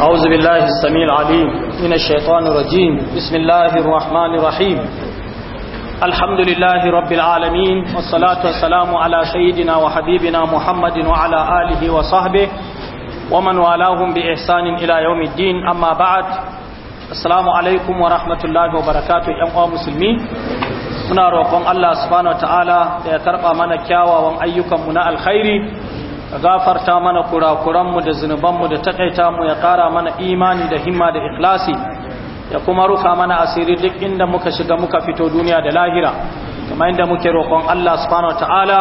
أعوذ بالله السميع العليم من الشيطان الرجيم بسم الله الرحمن الرحيم الحمد لله رب العالمين والصلاة والسلام على سيدنا وحبيبنا محمد وعلى آله وصحبه ومن والاهم بإحسان إلى يوم الدين أما بعد السلام عليكم ورحمة الله وبركاته يا مسلمين هنا رقم الله سبحانه وتعالى يترقى da ya karɓa mana الخير ka gafarta mana kurakuranmu da zunubanmu da takaita mu ya kara mana imani da himma da ikhlasi ya kuma rufa mana asiri duk inda muka shiga muka fito duniya da lahira kuma inda muke roƙon Allah subhanahu wataala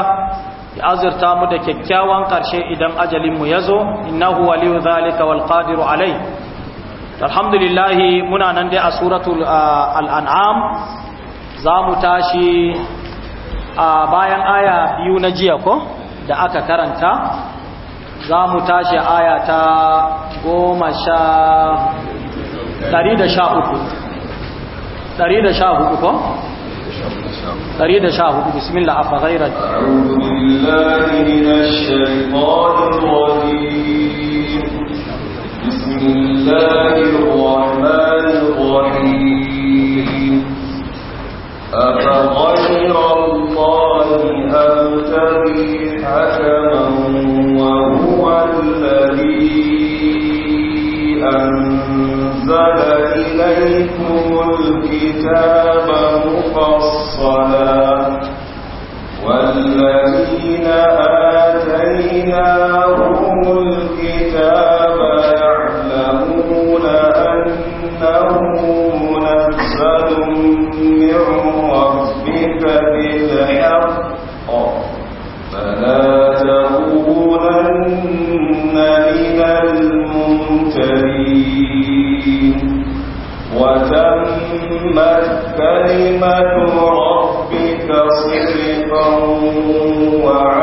ya azurta mu da kyakkyawan ƙarshe idan ajalin mu yazo innahu waliyu zalika wal qadiru alai alhamdulillah muna nan dai a suratul al-an'am za mu tashi a bayan aya biyu na jiya ko da aka karanta za mu tashi aya ta goma sha ɗari da sha uku ɗari da sha hudu ko? ɗari da sha hudu bismillah a fagairar بسم أفغير الله أبتغي حكما وهو الذي أنزل إليكم الكتاب مفصلا والذين آتيناهم الكتاب يعلمون أنه منزل من ربك وتمت كلمة ربك صدقا وعلا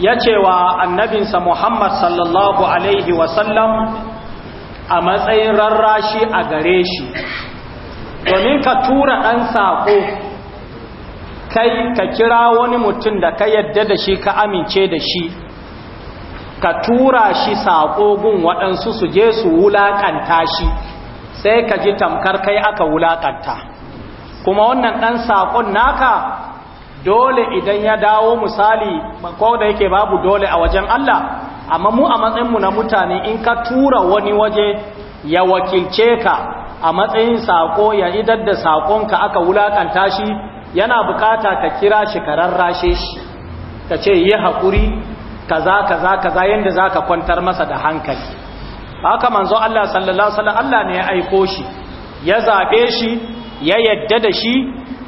ya wa annabinsa Muhammad sallallahu Alaihi wasallam a matsayin rarrashi a gare shi, domin ka tura ɗan saƙo kai ka kira wani mutum da ka yadda da shi ka amince da shi, ka tura shi saƙo gun waɗansu su je su wulaƙanta shi, sai ka ji tamkar kai aka wulaƙanta. Kuma wannan ɗan saƙon naka dole idan ya dawo misali ko da yake babu dole a wajen Allah amma mu a matsayinmu na mutane in ka tura wani waje ya wakilce ka a matsayin sako ya idar da sakonka aka wulakanta shi yana bukata ka kira shi kararrashe rarrashe shi ka ce yi hakuri kaza kaza kaza yanda zaka kwantar masa da hankali haka manzo Allah sallallahu alaihi wasallam Allah ne ya aiko shi ya zabe shi ya yadda da shi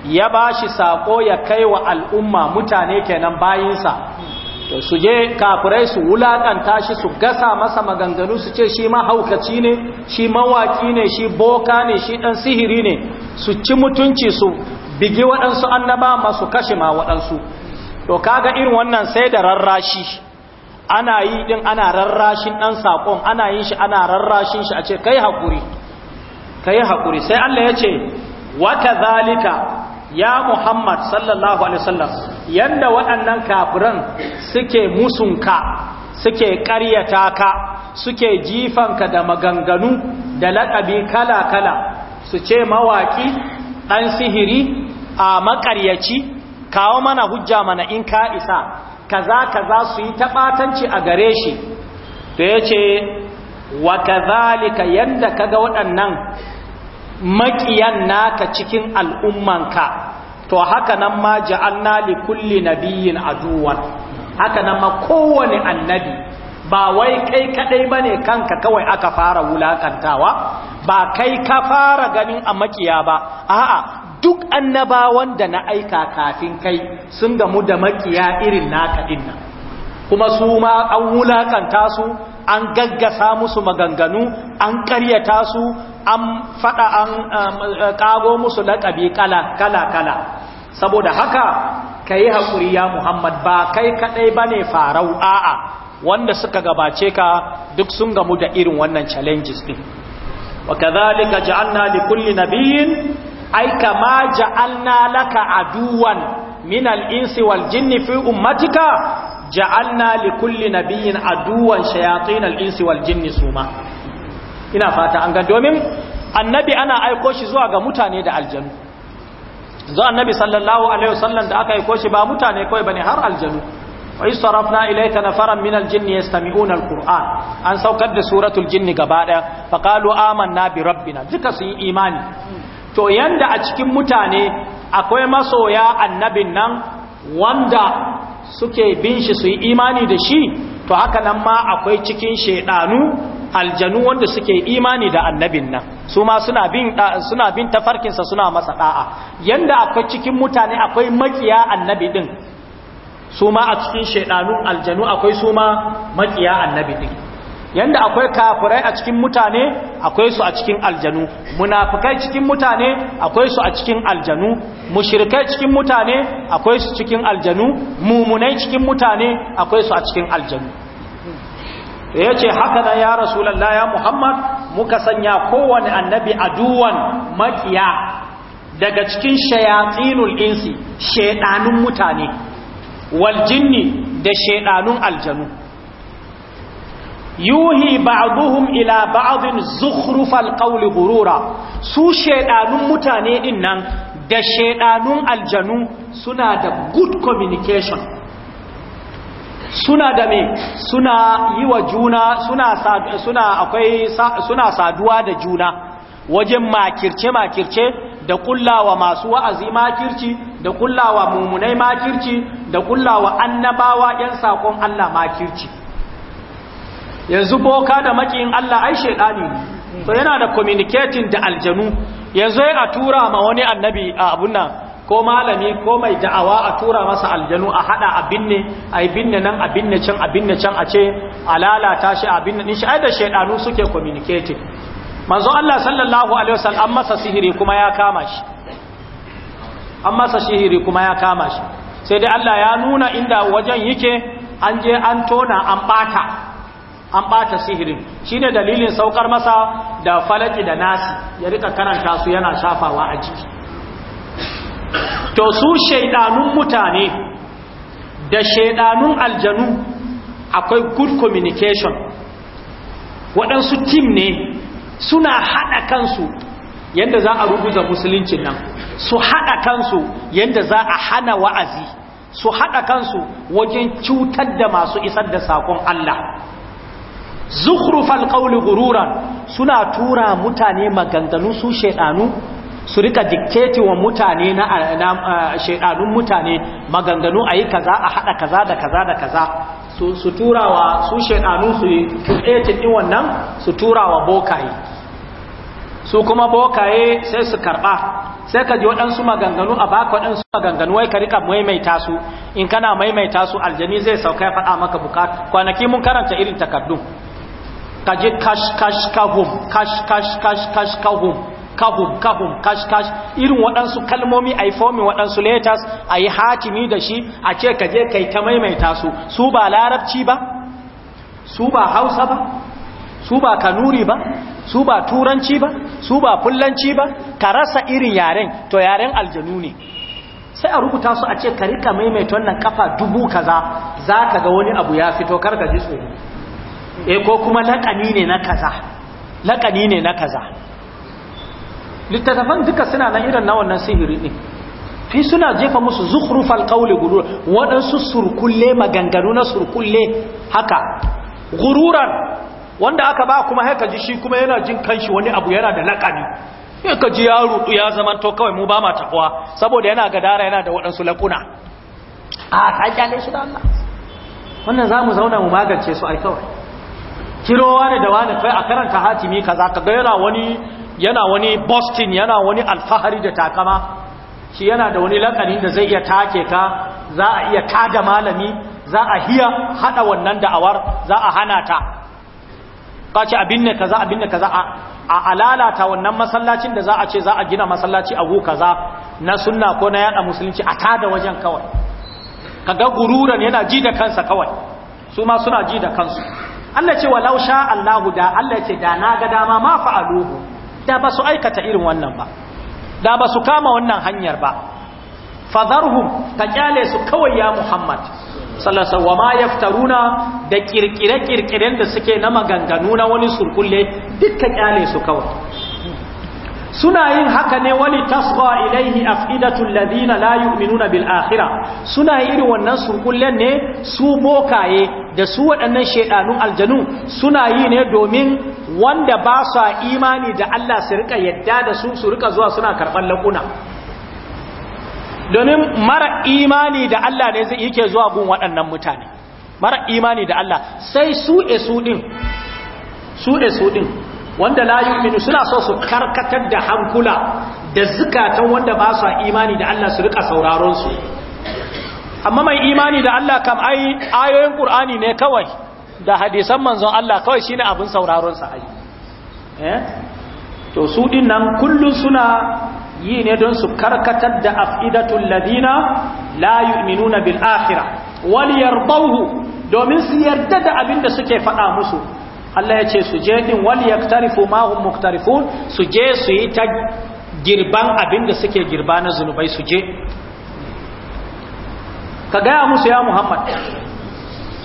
ya ba shi saƙo ya kai wa al'umma mutane kenan bayinsa to su je kafirai su wulaƙanta shi su gasa masa maganganu su ce shi mahaukaci ne shi mawaki ne shi boka ne shi ɗan sihiri ne su ci mutunci su bigi waɗansu annaba masu kashe ma waɗansu to kaga irin wannan sai da rarrashi ana yi din ana rarrashin ɗan saƙon ana yin shi ana rarrashin shi a ce kai haƙuri kai hakuri? sai Allah ya ce wata zalika ya Muhammad sallallahu alaihi wasallam yanda waɗannan kafiran suke musunka suke ƙaryata ka suke jifanka da maganganu da laƙabi kala-kala su ce mawaƙi ɗan sihiri a maƙaryaci kawo mana hujja mana in ka isa kaza kaza su yi taɓatanci a gare shi da ya ce wa kazalika yanda kaga waɗannan maƙiyan naka cikin al'ummanka to haka nan ma ja'alna li kulli nabiyyin aduwan haka nan ma kowane annabi ba wai kai kadai bane kanka kawai aka fara wulaƙantawa? ba kai ka fara ganin a makiya ba a'a duk annabawan da na aika kafin kai sun gamu da makiya irin naka dinnan kuma su ma an wulaƙanta su an gaggasa musu maganganu an karyata su an fada an kago um, uh, musu laƙabi kala-kala saboda haka ka yi haƙuri ya muhammad ba kai kaɗai ba ne farau a'a wanda suka gabace ka duk sun gamu da irin wannan challenges ɗin wa kazalika ja'alna li kulli nabiyyin ay kama ja'alna laka aduwan minal insi wal jinni fi ummatika ja'alna li kulli nabiyyin aduwan shayatin al-insi wal jinni suma ina fata an ga domin annabi ana aiko shi zuwa ga mutane da aljanu zuwa annabi sallallahu alaihi wasallam da aka aiko shi ba mutane kawai bane har aljanu wa isarafna ilayka nafaran min al-jinn yastami'una al-qur'an an saukar da suratul jinni gaba daya fa qalu amanna bi rabbina duka sun yi imani to yanda a cikin mutane akwai masoya annabin nan wanda suke bin shi su yi imani da shi to haka nan ma akwai cikin shaidanu aljanu wanda suke imani da annabin nan su ma suna bin suna bin tafarkinsa suna masa da'a yanda akwai cikin mutane akwai makiya annabi din su ma a cikin shaidanu aljanu akwai su ma makiya annabi din yanda akwai kafirai a cikin mutane akwai su a cikin aljanu munafikai cikin mutane akwai su a cikin aljanu mushrikai cikin mutane akwai su cikin aljanu mumunai cikin mutane akwai su a cikin aljanu ya ce haka da ya rasulallah ya muhammad muka sanya kowane annabi aduwan makiya daga cikin shayatinul insi shaidanun mutane wal jinni da shaidanun aljanu yuhi ba'duhum ila ba'din zukhrufal qawli ghurura su shedanun mutane ɗinnan da shedanun aljanu suna da good communication suna da me suna yi wa juna suna suna akwai suna saduwa da juna wajen makirce makirce da kullawa masu wa'azi makirci da kullawa mumunai makirci da kullawa annabawa yan sakon Allah makirci yanzu boka da makiyin Allah ai shedani to yana da communicating da aljanu yanzu ya tura ma wani annabi a abun nan ko malami ko mai da'awa a tura masa aljanu a hada a binne. Ai binne nan a binne can a binne can a ce a lalata shi abin ni shi ai da shedanu suke communicating manzo Allah sallallahu alaihi wasallam masa sihiri kuma ya kama shi an masa sihiri kuma ya kama shi sai dai Allah ya nuna inda wajen yake an je an tona an bata an bata sihirin shine dalilin saukar masa da falaki da nasi ya rika karanta su yana shafawa a jiki to su shaidanun mutane da shaidanun aljanu akwai good communication waɗansu tim ne suna haɗa kansu yadda za a rubuta musuluncin nan su haɗa kansu yadda za a hana wa'azi su haɗa kansu wajen cutar da masu isar da sakon Allah fal qawli ghururan suna tura mutane maganganu su shedanu su rika dictate wa mutane na, shedanun mutane maganganu ayi kaza a hada kaza da kaza da kaza su su turawa su shedanu su create din wannan su turawa bokaye su kuma bokaye sai su karba sai ka ji waɗansu maganganu a baka waɗansu maganganu wai ka rika maimaita su in kana maimaita su aljani zai sauka ya faɗa maka bukatu kwanaki mun karanta irin takardun ka kash kashkashkahum kashkashkashkahum kahum kahum kashkash irin waɗansu kalmomi a yi fomin waɗansu letters a yi hatimi da shi a ce kaje kai ta maimaita su su ba larabci ba su ba hausa ba su ba kanuri ba su ba turanci ba su ba fullanci ba ka rasa irin yaren to yaren aljanu ne sai a rubuta su a ce ka rika maimaita wannan kafa dubu kaza za ka ga wani abu ya fito kar ka ji tsoro eh ko kuma laƙani ne na kaza laƙani ne na kaza littattafan duka suna nan irin na wannan sihiri ɗin fi suna jefa musu zukhrufal qawli gurur waɗansu surkulle maganganu na surkulle haka gururan wanda aka ba kuma haka ji shi kuma yana jin kanshi wani abu yana da laƙani sai ka ji ya ruɗu ya zama to kawai mu ba ma takwa saboda yana gadara yana da waɗansu laƙuna a ta kyale shi da Allah wannan za mu zauna mu magance su ai kawai kiro wani da wani kai a karanta hatimi kaza ka ga yana wani yana wani boston yana wani alfahari da takama shi yana da wani lakanin da zai iya take ka za a iya tada malami za a hiya hada wannan da'awar za a hana ta kace abin ne kaza abin ne kaza a alalata wannan masallacin da za a ce za a gina masallaci a kaza na sunna ko na yada musulunci a tada wajen kawai kaga gururan yana ji da kansa kawai su ma suna ji da kansu Allah ce walau Allahu da Allah ce da na ga dama ma fa'aluhu da ba su aikata irin wannan ba da ba su kama wannan hanyar ba fadharhum ka kyale su kawai ya Muhammad sallasa wa ma yaftaruna da kirkire-kirkiren da suke na maganganu na wani surkulle duk ka kyale su kawai suna yin haka ne wani tasgha ilaihi afidatul ladina layu yu'minuna bil akhirah suna yi irin wannan surkullen ne su bokaye da su waɗannan shedanun aljanu suna yi ne domin wanda ba sa imani da Allah su rika yadda da su su rika zuwa suna karban lankuna. domin mara imani da Allah ne zai yake zuwa gun waɗannan mutane mara imani da Allah sai su e su ɗin su e su ɗin. wanda la yu'minu suna so su karkatar da hankula da zukatan wanda ba su imani da Allah su rika sauraron su amma mai imani da Allah kam ai ayoyin Qur'ani ne kawai da hadisan manzon Allah kawai shine abin sauraron sa ai eh? to su din nan kullun suna yi ne don su karkatar da afidatul ladina la yu'minuna bil akhirah wal yardahu domin su yarda da abin da suke faɗa musu Allah ya ce su je din wal yaktarifu ma hum muktarifun su je su yi ta girban abin da suke girba na zunubai su je ka gaya musu ya Muhammad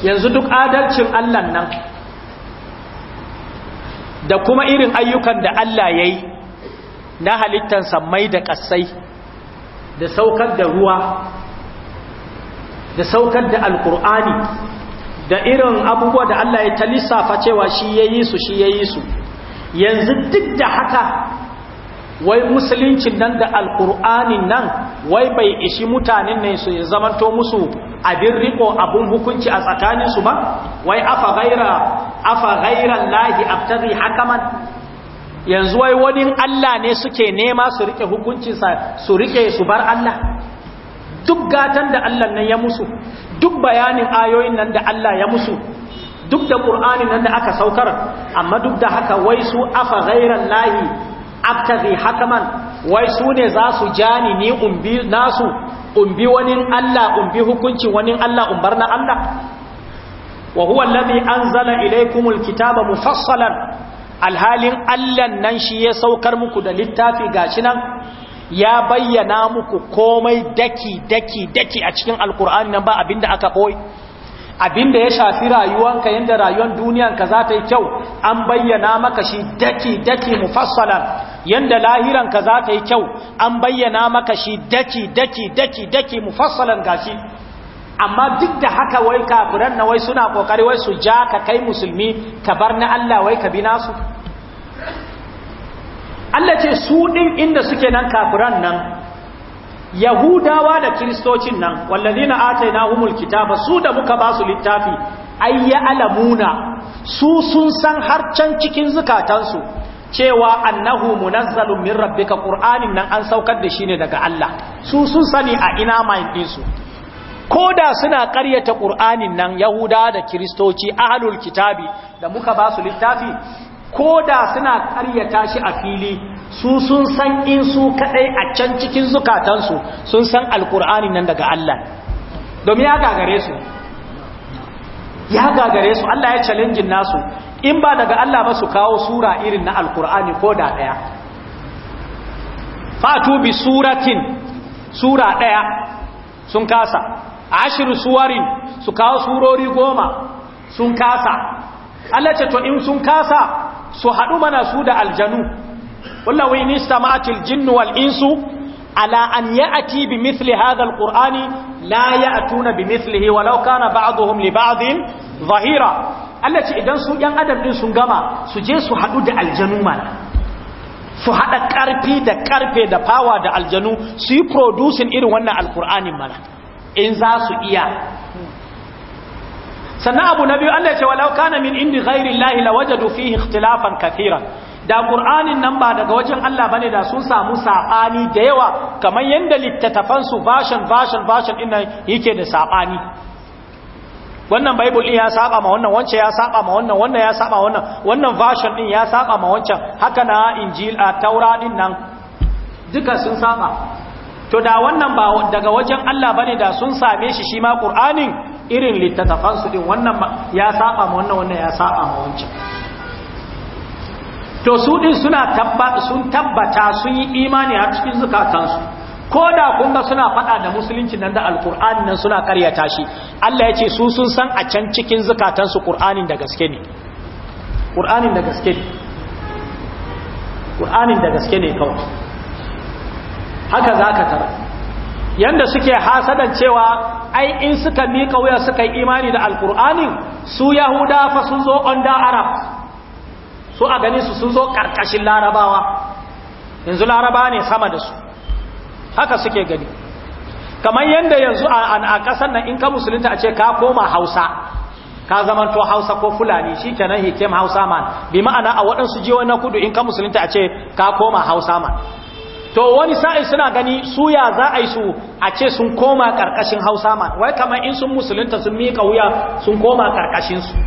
yanzu duk adalcin Allah nan da kuma irin ayyukan da Allah ya yi na halittar sammai da ƙasai da saukar da ruwa da saukar da alkur'ani da irin abubuwa da Allah ya ta lissafa cewa shi ya yi su shi ya yi su yanzu duk da haka wai musuluncin nan da alkur'anin nan wai bai ishi mutanen ne su zamanto musu abin riko abun hukunci a tsakaninsu ba wai afa gaira afa gairan lahi abtari hakaman yanzu wai wani Allah ne suke nema su rike hukuncinsa su rike su bar Allah duk gatan da Allah nan ya musu duk bayanin ayoyin nan da Allah ya musu duk da ƙur'anin nan da aka saukar amma duk da haka wai su afa ghairan lahi abtazi hakaman wai su ne za su jani ni umbi nasu umbi wani Allah umbi hukuncin wani Allah umbar na Allah wa huwa alladhi anzala ilaykumul kitaba mufassalan alhalin Allah nan shi ya saukar muku da littafi gashi nan ya bayyana muku komai daki daki daki a cikin alkur'ani nan ba abinda aka boye abinda ya shafi rayuwanka yanda rayuwar duniyanka za ta yi kyau an bayyana maka shi daki daki mufassalan yanda lahiranka za ta yi kyau an bayyana maka shi daki daki daki daki mufassalan gashi amma duk da haka wai kafiran na wai suna kokari wai su ja ka kai musulmi ka bar na Allah wai ka bi nasu Allah ce su ɗin inda suke nan kafiran nan yahudawa da kiristocin nan wallazina humul kitaba su da muka ba su littafi ay alamuna su sun san har can cikin zukatansu cewa annahu munazzalun min rabbika qur'anin nan an saukar da shi ne daga Allah su sun sani a ina mind din su da suna karyata qur'anin nan yahuda da kristoci ahlul kitabi da muka ba su littafi ko da suna karyata shi a fili su sun san in su kadai a can cikin zukatansu sun san alkur'ani nan daga Allah domin ya gagare su ya gagare su Allah ya challenge nasu in ba daga Allah ba su kawo sura irin na alkur'ani ko da daya fatu bi suratin sura daya sun kasa ashiru suwarin su kawo surori goma sun kasa Allah ce to in sun kasa su haɗu mana su da aljanu wallah wai nista ma'atil jinnu wal insu ala an ya'ati bi mithli hadha alqur'ani la tuna bi mithlihi walau kana ba'dhum li ba'dhin zahira Allah ce idan su yan adam ɗin sun gama su je su haɗu da aljanu mana su haɗa ƙarfi da ƙarfe da fawa da aljanu su yi producing irin wannan alkur'anin mana in za su iya sannan abu na biyu Allah ya ce walau kana min indi ghairi llahi lawajadu fihi ikhtilafan kathiran da qur'anin nan ba daga wajen Allah bane da sun samu sabani da yawa kamar yanda littattafan su version version version din nan yake da sabani wannan bible ya saba ma wannan wancan ya saba ma wannan wannan ya saba wannan wannan version din ya saba ma wancan haka na injil a taura din nan duka sun saba to da wannan ba daga wajen Allah bane da sun same shi shi ma Qur'anin irin littattafan su din wannan ya saba ma wannan wannan ya saba ma wancan to su din suna tabbata sun tabbata sun yi imani a cikin zukatansu ko da kun ga suna faɗa da musulunci nan da alqur'ani nan suna karyata shi Allah ya ce su sun san a can cikin zukatansu Qur'anin da gaske ne Qur'anin da gaske ne Qur'anin da gaske ne kawai haka za ka tara yanda suke hasadan cewa ai in suka miƙa wuya suka yi imani da alkur'ani su yahuda fa sun zo under arab su a gani su sun zo ƙarƙashin larabawa yanzu laraba ne sama da su haka suke gani kamar yadda yanzu a ƙasar nan in ka musulunta a ce ka koma hausa ka zamanto hausa ko fulani shi kenan hikem hausa man bi ma'ana a waɗansu jiwon na kudu in ka musulunta a ce ka koma hausa man to wani sa'in suna gani suya za a yi su a ce sun koma ƙarƙashin hausa ma wai kamar in sun musulunta sun miƙa wuya sun koma ƙarƙashinsu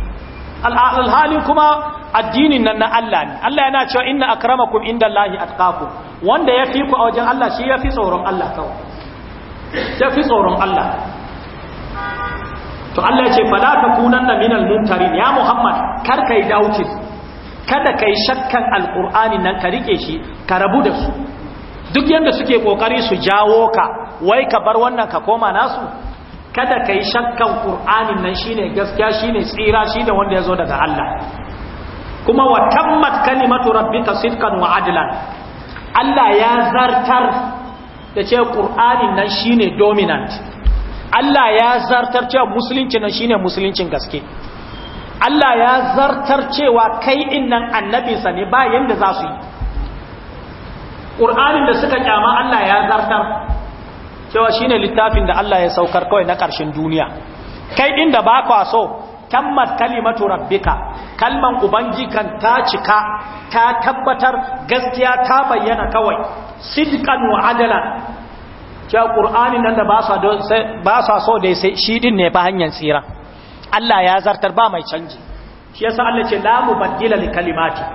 alhali kuma addinin nan na Allah ne Allah yana cewa inna akramakum indallahi atqakum wanda ya fi ku a wajen Allah shi ya fi tsoron Allah kawai ya fi tsoron Allah to Allah ya ce kunan takunanna minal mumtarin ya Muhammad kar kai dautin kada kai shakkan alqur'ani nan ka rike shi ka rabu da su duk yadda suke kokari su jawo ka wai ka bar wannan ka koma nasu kada ka yi shakkan ƙur'anin nan shi ne gaskiya shi ne tsira shi da wanda ya zo daga Allah kuma wa tammat kalimatu rabbika sidqan wa adlan Allah ya zartar da ce ƙur'anin nan shi ne dominant Allah ya zartar cewa musulunci nan shi ne musuluncin gaske Allah ya zartar cewa kai innan annabinsa ne ba yanda za su yi ƙur'anin da suka kyama Allah ya zartar cewa shine littafin da Allah ya saukar kawai na ƙarshen duniya kai ɗin da ba kwa so tammat kalimatu rabbika kalman ubangikan ta cika ta tabbatar gaskiya ta bayyana kawai sidqan wa adala cewa qur'ani nan da ba sa so da sai shi din ne ba hanyar tsira Allah ya zartar ba mai canji shi yasa Allah ce la mubaddila li kalimati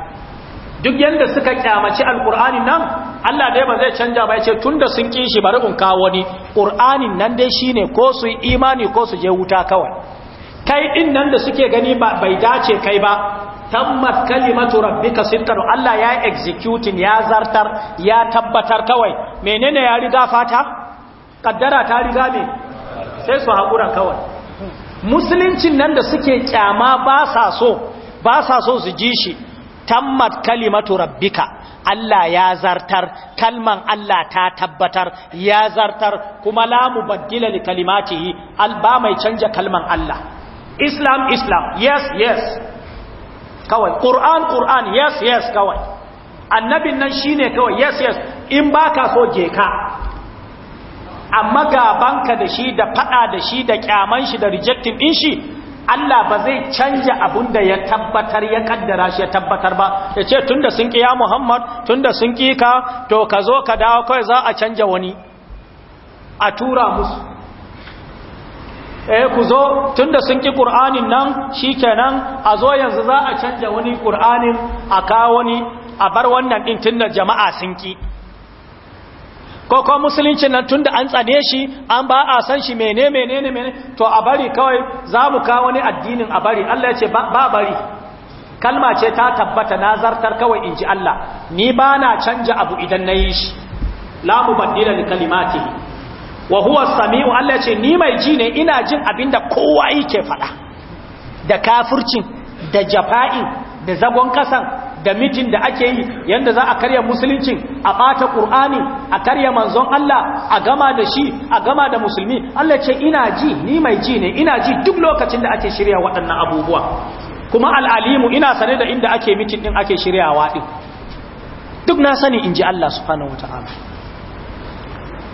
duk yadda suka kyamaci alkur'anin nan Allah dai ba zai canja ba ya ce tun da sun kishi shi bari in kawo wani qur'anin nan dai shine ko su imani ko su je wuta kawai kai din nan da suke gani ba bai dace kai ba tammat kalimatu rabbika sidqan Allah ya executing ya zartar ya tabbatar kawai menene ya riga fata kaddara ta riga ne? sai su haƙura kawai musuluncin nan da suke kyama ba sa so ba sa so su ji shi tammat kalimatu rabbika Allah ya zartar kalman Allah ta tabbatar ya zartar kuma la mubaddila li kalimatihi al ba mai canja kalman Allah Islam Islam yes yes kawai Quran Quran yes yes kawai annabin nan shine kawai yes yes in baka so je ka amma banka da shi da fada da shi da kyaman shi da rejecting din shi Allah ba zai canja abun da ya tabbatar ya kaddara shi ya tabbatar ba ya ce tun da sun ƙiya Muhammad tun da sun ƙi ka to ka zo ka dawo kawai za a canja wani a tura musu eh ku zo tun da sun ƙi Qur'anin nan shi kenan a zo yanzu za a canja wani Qur'anin a kawo wani a bar wannan din da jama'a sun ƙi ko ko musulunci nan tunda an tsane shi an ba a san shi mene mene mene to a bari kawai za mu kawo wani addinin a bari Allah ya ce ba bari kalma ce ta tabbata nazartar kawai inji Allah ni ba na canja abu idan na yi shi la mubaddila li Kalimati. wa huwa samiu Allah ya ce ni mai ji ne ina jin abin da kowa yake faɗa da kafircin da jafa'in da zagon kasan da mitin da ake yi yanda za a karya musuluncin a ɓata ƙur'ani a karya manzon Allah a gama da shi a gama da musulmi Allah ce ina ji ni mai ji ne ina ji duk lokacin da ake shirya waɗannan abubuwa kuma al'alimu ina sane da inda ake mitin ɗin ake shiryawa ɗin duk na sani in ji Allah subhanahu wata ta'ala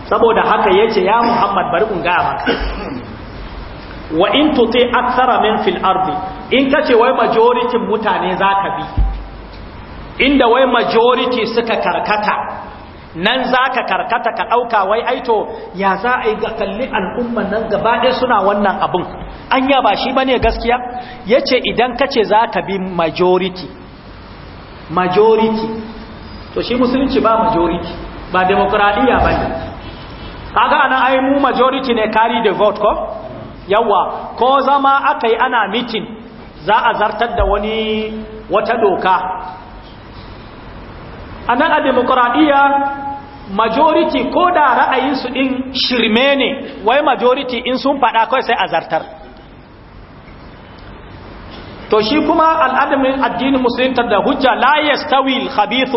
saboda haka ya ce ya muhammad bari in gaya maka wa in tuti aksara min fil ardi in tace wai majoritin mutane za ka bi inda wai majority suka karkata nan za ka karkata ka ɗauka wai aito ya za a yi ga kalli al'umman nan gabaɗe suna wannan abun? an ba shi ba ne gaskiya ya ce idan ka ce za ka bi majority majority to shi musulunci ba majority ba demokradiyya ba ne kaga ana ai mu majority ne kari da vote ko yawa ko zama aka yi ana meeting za a zartar da wani wata doka a nan a demokuraɗiyya majority ko da ra'ayinsu ɗin shirme ne wai majority in sun faɗa kawai sai a zartar to shi kuma al'adamin addinin musulunta da hujja la yastawi al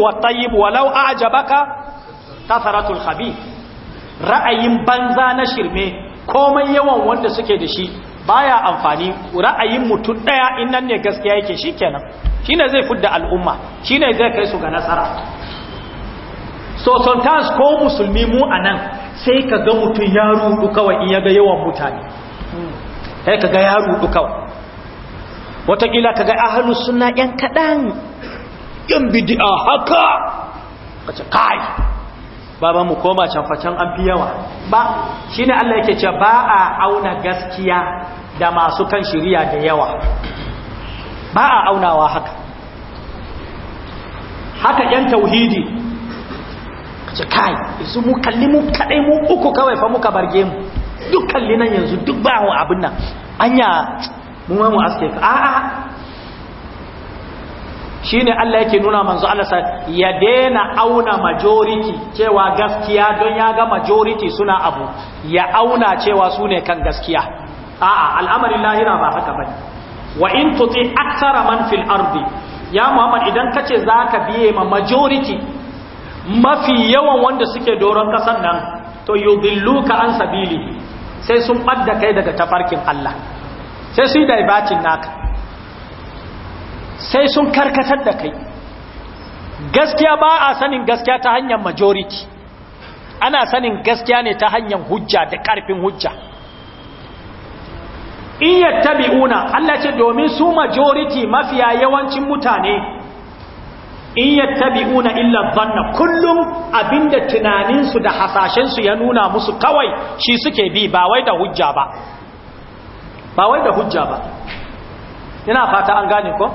wa tayyib walau a'jabaka kasaratul khabith ra'ayin banza na shirme komai yawan wanda suke da shi baya amfani ra'ayin mutum ɗaya in nan ne gaskiya yake shikenan shine zai fudda al'umma shine zai kai su ga nasara so sometimes ko musulmi mu anan sai ka ga mutum ya rudu kawai in ya ga yawan mutane sai ka kaga ya rudu kawai watakila kaga ahlus sunna yan kadan yan bid'a haka kace kai baba mu koma can facen an fi yawa ba shine Allah yake cewa ba a auna gaskiya da masu kan shiriya da yawa ba a aunawa haka haka yan tauhidi kace kai su mu kalli mu kadai mu uku kawai fa muka barge mu duk kalli yanzu duk ba mu abin nan anya mu ma mu aske ka a'a Shi ne Allah yake nuna manzo Allah sa ya daina auna majority cewa gaskiya don ya ga majority suna abu ya auna cewa su ne kan gaskiya a'a al'amarin lahira ba haka bane wa in tuti aksara man fil ardi ya Muhammad idan kace zaka biye ma majority mafi yawan wanda suke doron kasar nan to yudilluka an sabili sai sun ɓadda kai daga tafarkin Allah sai su yi diverting naka sai sun karkatar da kai gaskiya ba a sanin gaskiya ta hanyar majority ana sanin gaskiya ne ta hanyar hujja da karfin hujja in yattabi'una Allah ce domin su majority mafiya yawancin mutane in yattabi'una illa dhanna kullum abinda tunaninsu da hasashensu ya nuna musu kawai shi suke bi ba wai da hujja ba ba wai da hujja ba ina fata an gane ko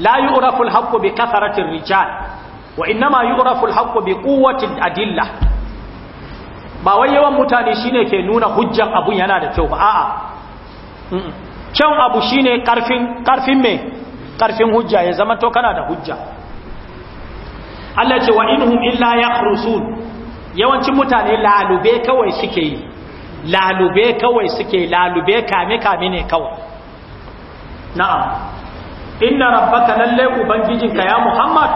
la yu'rafu al-haqqu bi kasarati rijal wa innama yu'rafu al-haqqu bi quwwati adilla ba wai yawan mutane shine ke nuna hujjan abun yana da kyau ba a'a kyan abu shine karfin karfin me karfin hujja ya zama to kana da hujja Allah ce wa inhum illa yakhrusun yawancin mutane lalube kawai suke yi lalube kawai suke lalube kame kame ne kawai Na'a. inna rabbaka lalle ubangijinka ya muhammad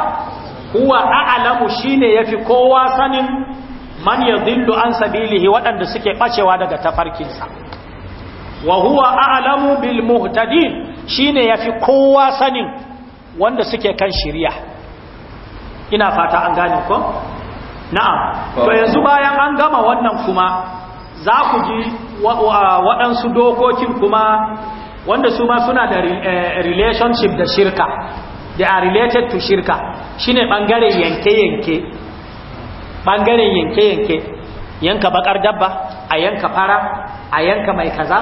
huwa a'lamu shine yafi kowa sanin man yadhillu an sabilihi waɗanda suke bacewa daga tafarkinsa wa huwa a'lamu bil muhtadin shine yafi kowa sanin wanda suke kan shiriya ina fata an gane ko na'am to yanzu bayan an gama wannan kuma za ku ji waɗansu dokokin kuma wanda su ma suna da eh, relationship da shirka they are related to shirka shine bangaren yanke-yanke bangaren yanke-yanke yanka bakar dabba a yanka fara a yanka mai kaza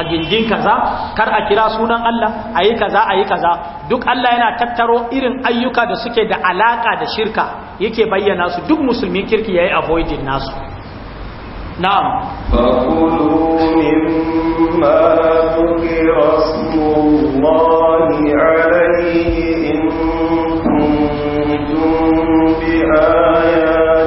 a gindin kaza kar a kira sunan Allah a yi kaza a yi kaza duk Allah yana tattaro irin ayyuka da suke da alaka da shirka yake bayyana su duk musulmi kirki ya yi avoiding nasu نعم فكلوا مما ذكر اسم الله عليه إن كنتم بآيات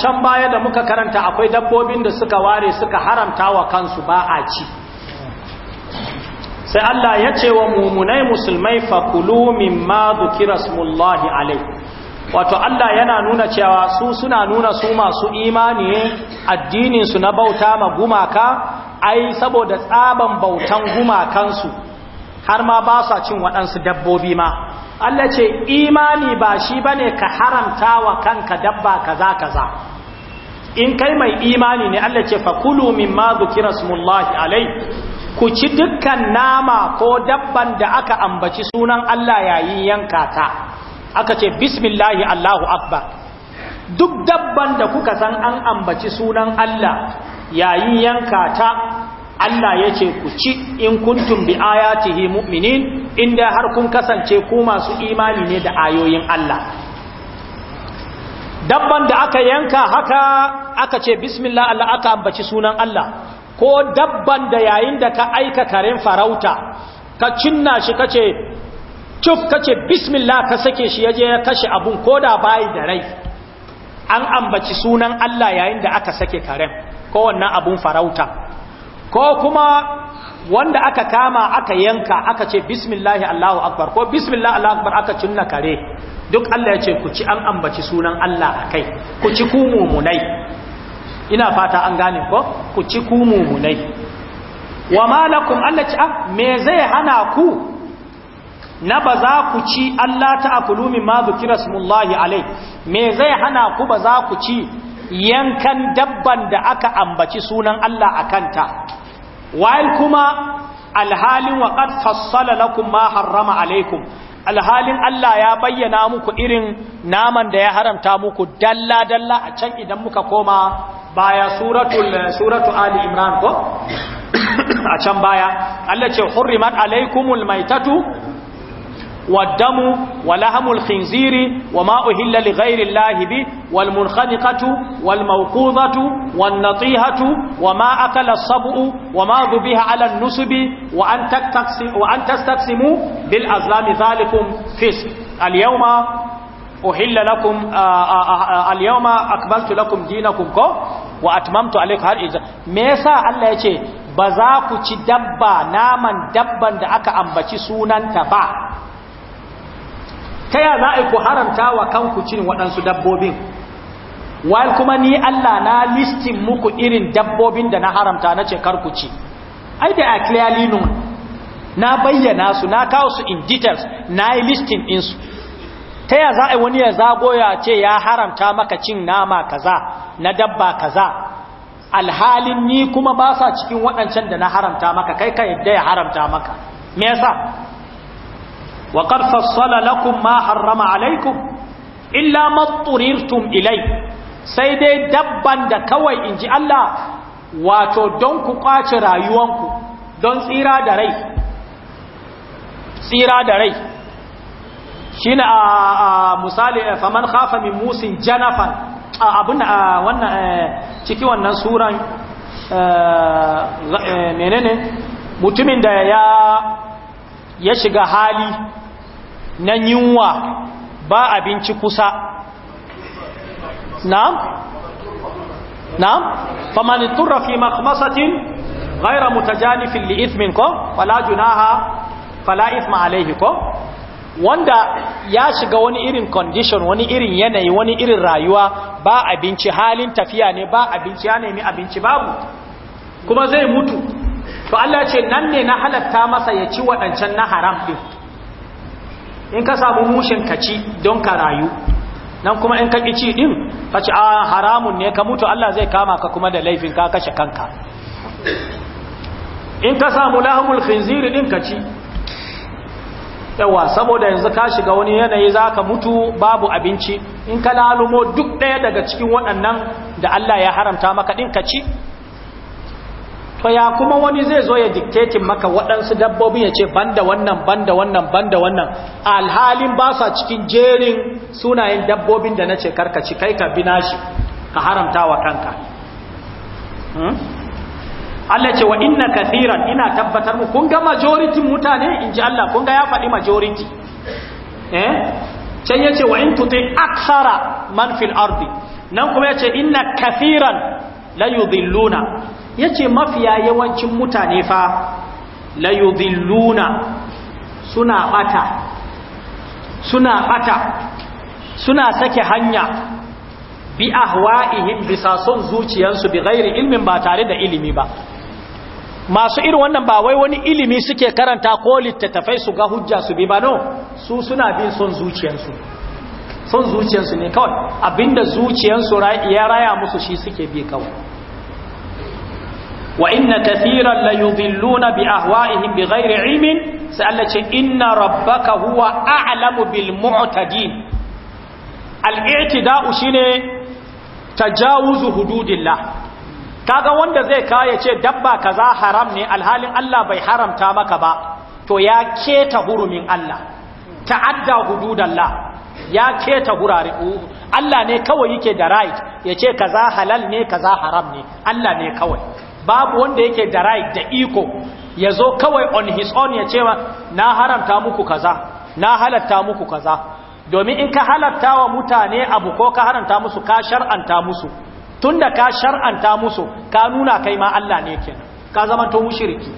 can baya da muka karanta akwai dabbobin da suka ware suka haramta wa kansu ba a ci sai Allah ya ce wa mumunai musulmai fa kulu mimma dhukira smullahi alai wato Allah yana nuna cewa su suna nuna su masu imani addinin su na bauta ma gumaka ai saboda tsaban bautan gumakansu har ma ba sa cin waɗansu dabbobi ma Allah ce imani ba shi bane ka haramta wa kanka dabba kaza kaza in kai mai imani ne Allah ce fakulu mimma zukira smullahi alai ku ci dukkan nama ko dabban da aka ambaci sunan Allah yayin yanka ta aka ce bismillahi Allahu akbar duk dabban da kuka san an ambaci sunan Allah yayin yanka ta Allah ya ce ku ci in kuntum bi ayatihi mu'minin inda har kun kasance ku masu imani ne da ayoyin Allah dabban da aka yanka haka aka ce bismillah Allah aka ambaci sunan Allah ko dabban da yayin da ka aika karen farauta ka cinna shi kace cuf kace bismillah ka sake shi yaje ya kashe abun ko da bai da rai an ambaci sunan Allah yayin da aka sake karen ko wannan abun farauta ko kuma wanda aka kama aka yanka aka ce bismillahi Allahu akbar ko bismillahi Allahu akbar aka cinna kare duk Allah ya ce ku ci an ambaci sunan Allah akai ku ci ku mumunai ina fata an gane ko ku ci ku mumunai wa malakum Allah ci ah me zai hana ku na ba za ku ci Allah ta akulu min ma zikira smullahi alai me zai hana ku ba za ku ci yankan dabban da aka ambaci sunan Allah akanta wayal kuma alhalin wa qad fassala lakum ma harrama alaikum alhalin Allah ya bayyana muku irin naman da ya haramta muku dalla dalla a can idan muka koma baya suratu ali imran ko a can baya Allah ce hurrimat alaikumul maitatu والدم ولحم الخنزير وما أهل لغير الله به والمنخنقة والموقوذة والنطيهة وما أكل الصبع وما ذبيها على النسب وأن, وأن تستقسموا بالأزلام ذلكم فسق اليوم أهل لكم آآ آآ اليوم أكملت لكم دينكم كو وأتممت عليكم هذا ميسا الله يقول ba za ku ci dabba naman dabban da aka ambaci sunanta ba ta ya za a ku haramta wa kanku cin waɗansu dabbobin wal kuma ni Allah na listin muku irin dabbobin da na haramta na ce karku ci ai da a clearly na bayyana su na kawo su in details na yi listin ɗinsu ta ya za a wani ya zago ya ce ya haramta maka cin nama kaza na dabba kaza alhalin ni kuma ba sa cikin waɗancan da na haramta maka kai ka yadda ya haramta maka me yasa wa qad fassala lakum ma harrama illa ma ilai sai dai dabban da kawai ji Allah wato don ku kwace rayuwanku don tsira da rai tsira da rai shine a misali eh, faman khafa min musin janafan abun wannan eh, ciki wannan suran eh, menene mutumin da ya ya shiga hali na yunwa ba abinci kusa na'am na'am faman turra fi maqmasatin ghayra mutajanifin li ko wala junaha fala ithma alaihi ko wanda ya shiga wani irin condition wani irin yanayi wani irin rayuwa ba abinci halin tafiya ne ba abinci ya nemi abinci babu kuma zai mutu to Allah ce nan ne na halatta masa ya ci waɗancan na haram ɗin in ka samu mushin ka ci don ka rayu nan kuma in ka ƙi ci ɗin ka ci a ah, haramun ne ka mutu Allah zai kama ka kuma da laifin ka kashe kanka in ka samu lahamul khinziri ɗin ka ci yawa saboda yanzu ka shiga wani yanayi za ka mutu babu abinci in ka lalumo duk ɗaya daga cikin waɗannan da Allah ya haramta maka ɗin ka ci to ya kuma wani zai zo ya diktetin maka waɗansu dabbobin ya ce banda wannan banda wannan banda wannan alhalin ba sa cikin jerin sunayen dabbobin da na ce ci kai ka bina shi ka haramta wa kanka hmm? Allah ce wa inna kathiran ina tabbatar mu kun ga majority mutane in ji Allah kun ga ya faɗi majority eh can yace wa in tuti aksara man fil ardi nan kuma yace inna kathiran la yudhilluna yace mafiya yawancin mutane fa la suna bata suna bata suna sake hanya bi ahwa'ihim bisa son zuciyarsu bi ghairi ilmin ba tare da ilimi ba masu irin wannan ba wai wani ilimi suke karanta ko littattafai su ga hujja su bi ba no su suna bin son zuciyansu. son zuciyansu ne kawai abinda zuciyarsu ya raya musu shi suke bi kawai wa inna kathiran la yudhilluna bi ahwa'ihim bi ghairi ilmin sai Allah ce inna rabbaka huwa a'lamu bil mu'tadin al-i'tida'u shine tajawuzu hududillah kaga wanda zai kaya ce dabba kaza haram ne alhalin Allah bai haramta maka ba to ya keta hurumin Allah ta'adda hududallah ya keta hurare Allah ne kawai yake da right yace kaza halal ne kaza haram ne Allah ne kawai babu wanda yake da right da iko ya zo kawai on his own ya cewa na haramta muku kaza na halatta muku kaza domin in ka halatta wa mutane abu ko ka haramta musu ka shar'anta musu tunda ka shar'anta musu ka nuna kai ma Allah ne kenan ka zamanto mushriki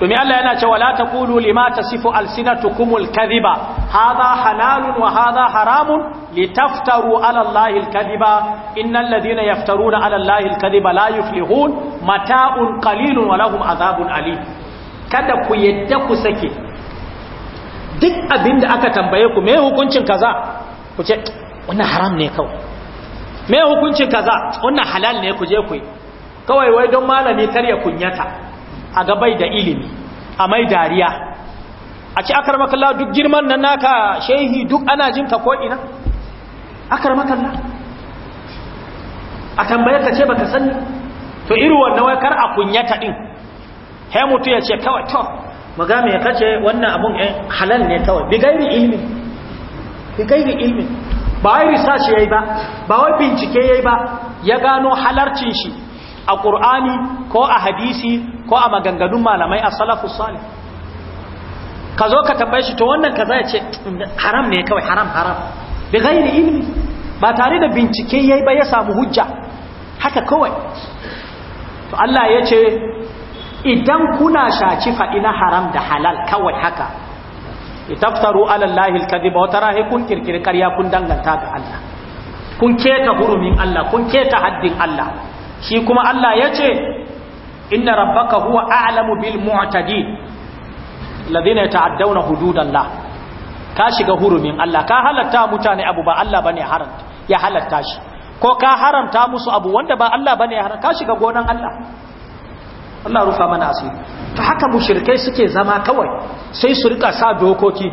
domin Allah yana cewa la taqulu lima tasifu alsinatukumul kadhiba hadha halalun wa hadha haramun litaftaru ala allahi alkadiba innal ladina yaftaruna ala allahi alkadiba la yuflihun mata'un qalilun wa lahum azabun kada ku yadda ku sake duk da aka tambaye ku me hukuncin kaza ku ce wannan haram ne kawai me hukuncin kaza wannan halal ne ku je ku yi kawai wai don malami kar ya kunyata a gabai da ilimi a mai dariya a ci akar makalla duk girman nan naka shehi duk ana jin ka ko'ina akar makalla a tambayar ka ce baka sani to iri wannan wai kar a kunyata din sai mutu ya ce kawai to maga ya kace wannan abun yan eh, halal ne kawai bi gairi ilmi bi gairi ilmi ba wai research yayi ba ba wai bincike yayi ba ya gano halarcin shi a Qur'ani ko a hadisi ko a maganganun malamai as-salafus salih ka zo ka tambaye shi to wannan kaza ya ce haram ne kawai haram haram bi ghairi ilmi ba tare da bincike yayi ba ya samu hujja haka kawai to Allah ya ce idan kuna shaci faɗi na haram da halal kawai haka itaftaru ala Allah alkadhiba wa tarahi kun kirkiri ƙarya kun danganta ga Allah kun keta hurumin Allah kun keta haddin Allah shi kuma Allah ya ce inna rabbaka huwa a'lamu bil mu'tadin ladina ta'addawna hududallah ka shiga hurumin Allah ka halatta mutane abu ba Allah bane haramta ya halatta shi ko ka haramta musu abu wanda ba Allah bane ya haramta ka shiga gonan Allah Allah rufa mana asiri to haka mushrikai suke zama kawai sai su rika sa dokoki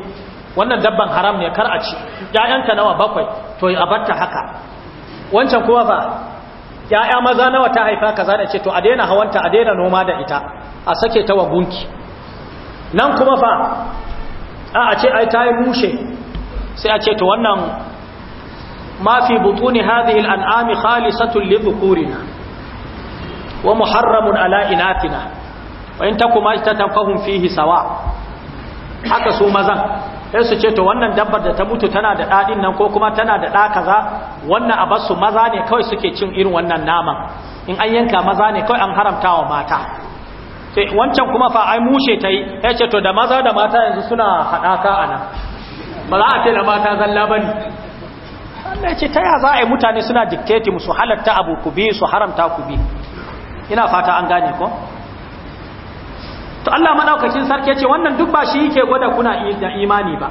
wannan dabban haram ne kar a ci ƴaƴanka nawa bakwai to a batta haka wancan kuma ba ƴaƴa maza nawa ta haifa kaza da ce to a daina hawanta a daina noma da ita a sake ta wa gunki nan kuma fa a a ce ai ta yi mushe sai a ce to wannan mafi fi butuni hadhihi al'ami khalisatun li dhukurina wa muharramun ala inatina wa in kuma ta fahum fihi sawa haka su mazan sai su ce ta wannan dabbar da ta mutu tana da ɗaɗin nan ko kuma tana da da kaza wannan su maza ne kawai suke cin irin wannan naman in an yanka maza ne kawai an haramta wa mata wancan kuma fa ai mushe ta yi ya ce to da maza da mata yanzu suna haɗaka a nan ba za a ce mata zalla ba ne Allah ce ta ya za a yi mutane suna dikteti musu halatta abu ku bi su haramta ku bi ina fata an gane ko to Allah maɗaukacin sarki ce wannan duk ba shi yake gwada kuna da imani ba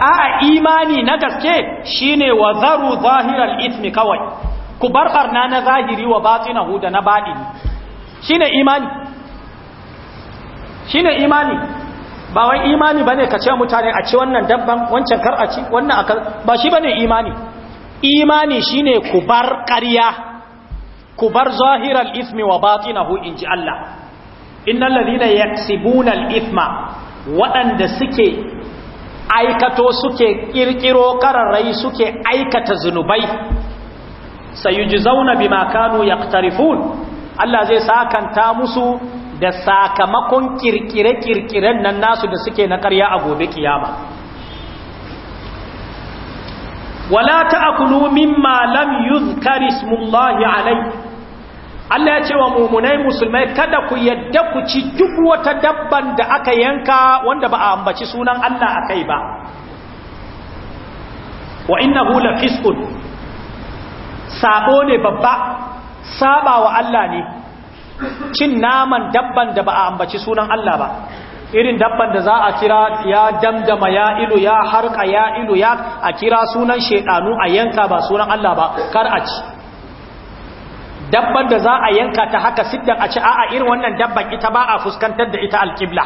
a'a imani na gaske shine wa zaru zahiral ithmi kawai ku barbarna na zahiri wa batinahu da na Shi shine imani shine imani ba wai imani bane ka ce mutane a ci wannan dabban wancan kar a ci wannan akan ba shi ne imani imani shine ku bar ƙarya ku bar zahiral ismi wa batinahu inji Allah Inna ladina yaksibuna al isma waɗanda suke aikato suke ƙirƙiro kararrai suke aikata zunubai sayujzauna bima kanu yaqtarifun Allah zai sakanta musu da sakamakon kirkire-kirkiren nan nasu da suke na ƙarya a gobe kiyama wala ta ta'kulu mimma lam yuzkar a alai Allah ya ce wa mummunai musulmai kada ku yadda ku ci duk wata dabban da aka yanka wanda ba a ambaci sunan Allah a kai ba wa hula fiskun, sabo ne babba saba wa Allah ne cin naman dabban da ba a ambaci sunan Allah ba irin dabban da za a kira ya damdama ya ilu ya harka ya ilu ya a kira sunan shedanu a yanka ba sunan Allah ba kar a ci dabban da za a yanka ta haka siddan a ci a'a irin wannan dabban ita ba a fuskantar da ita alƙibla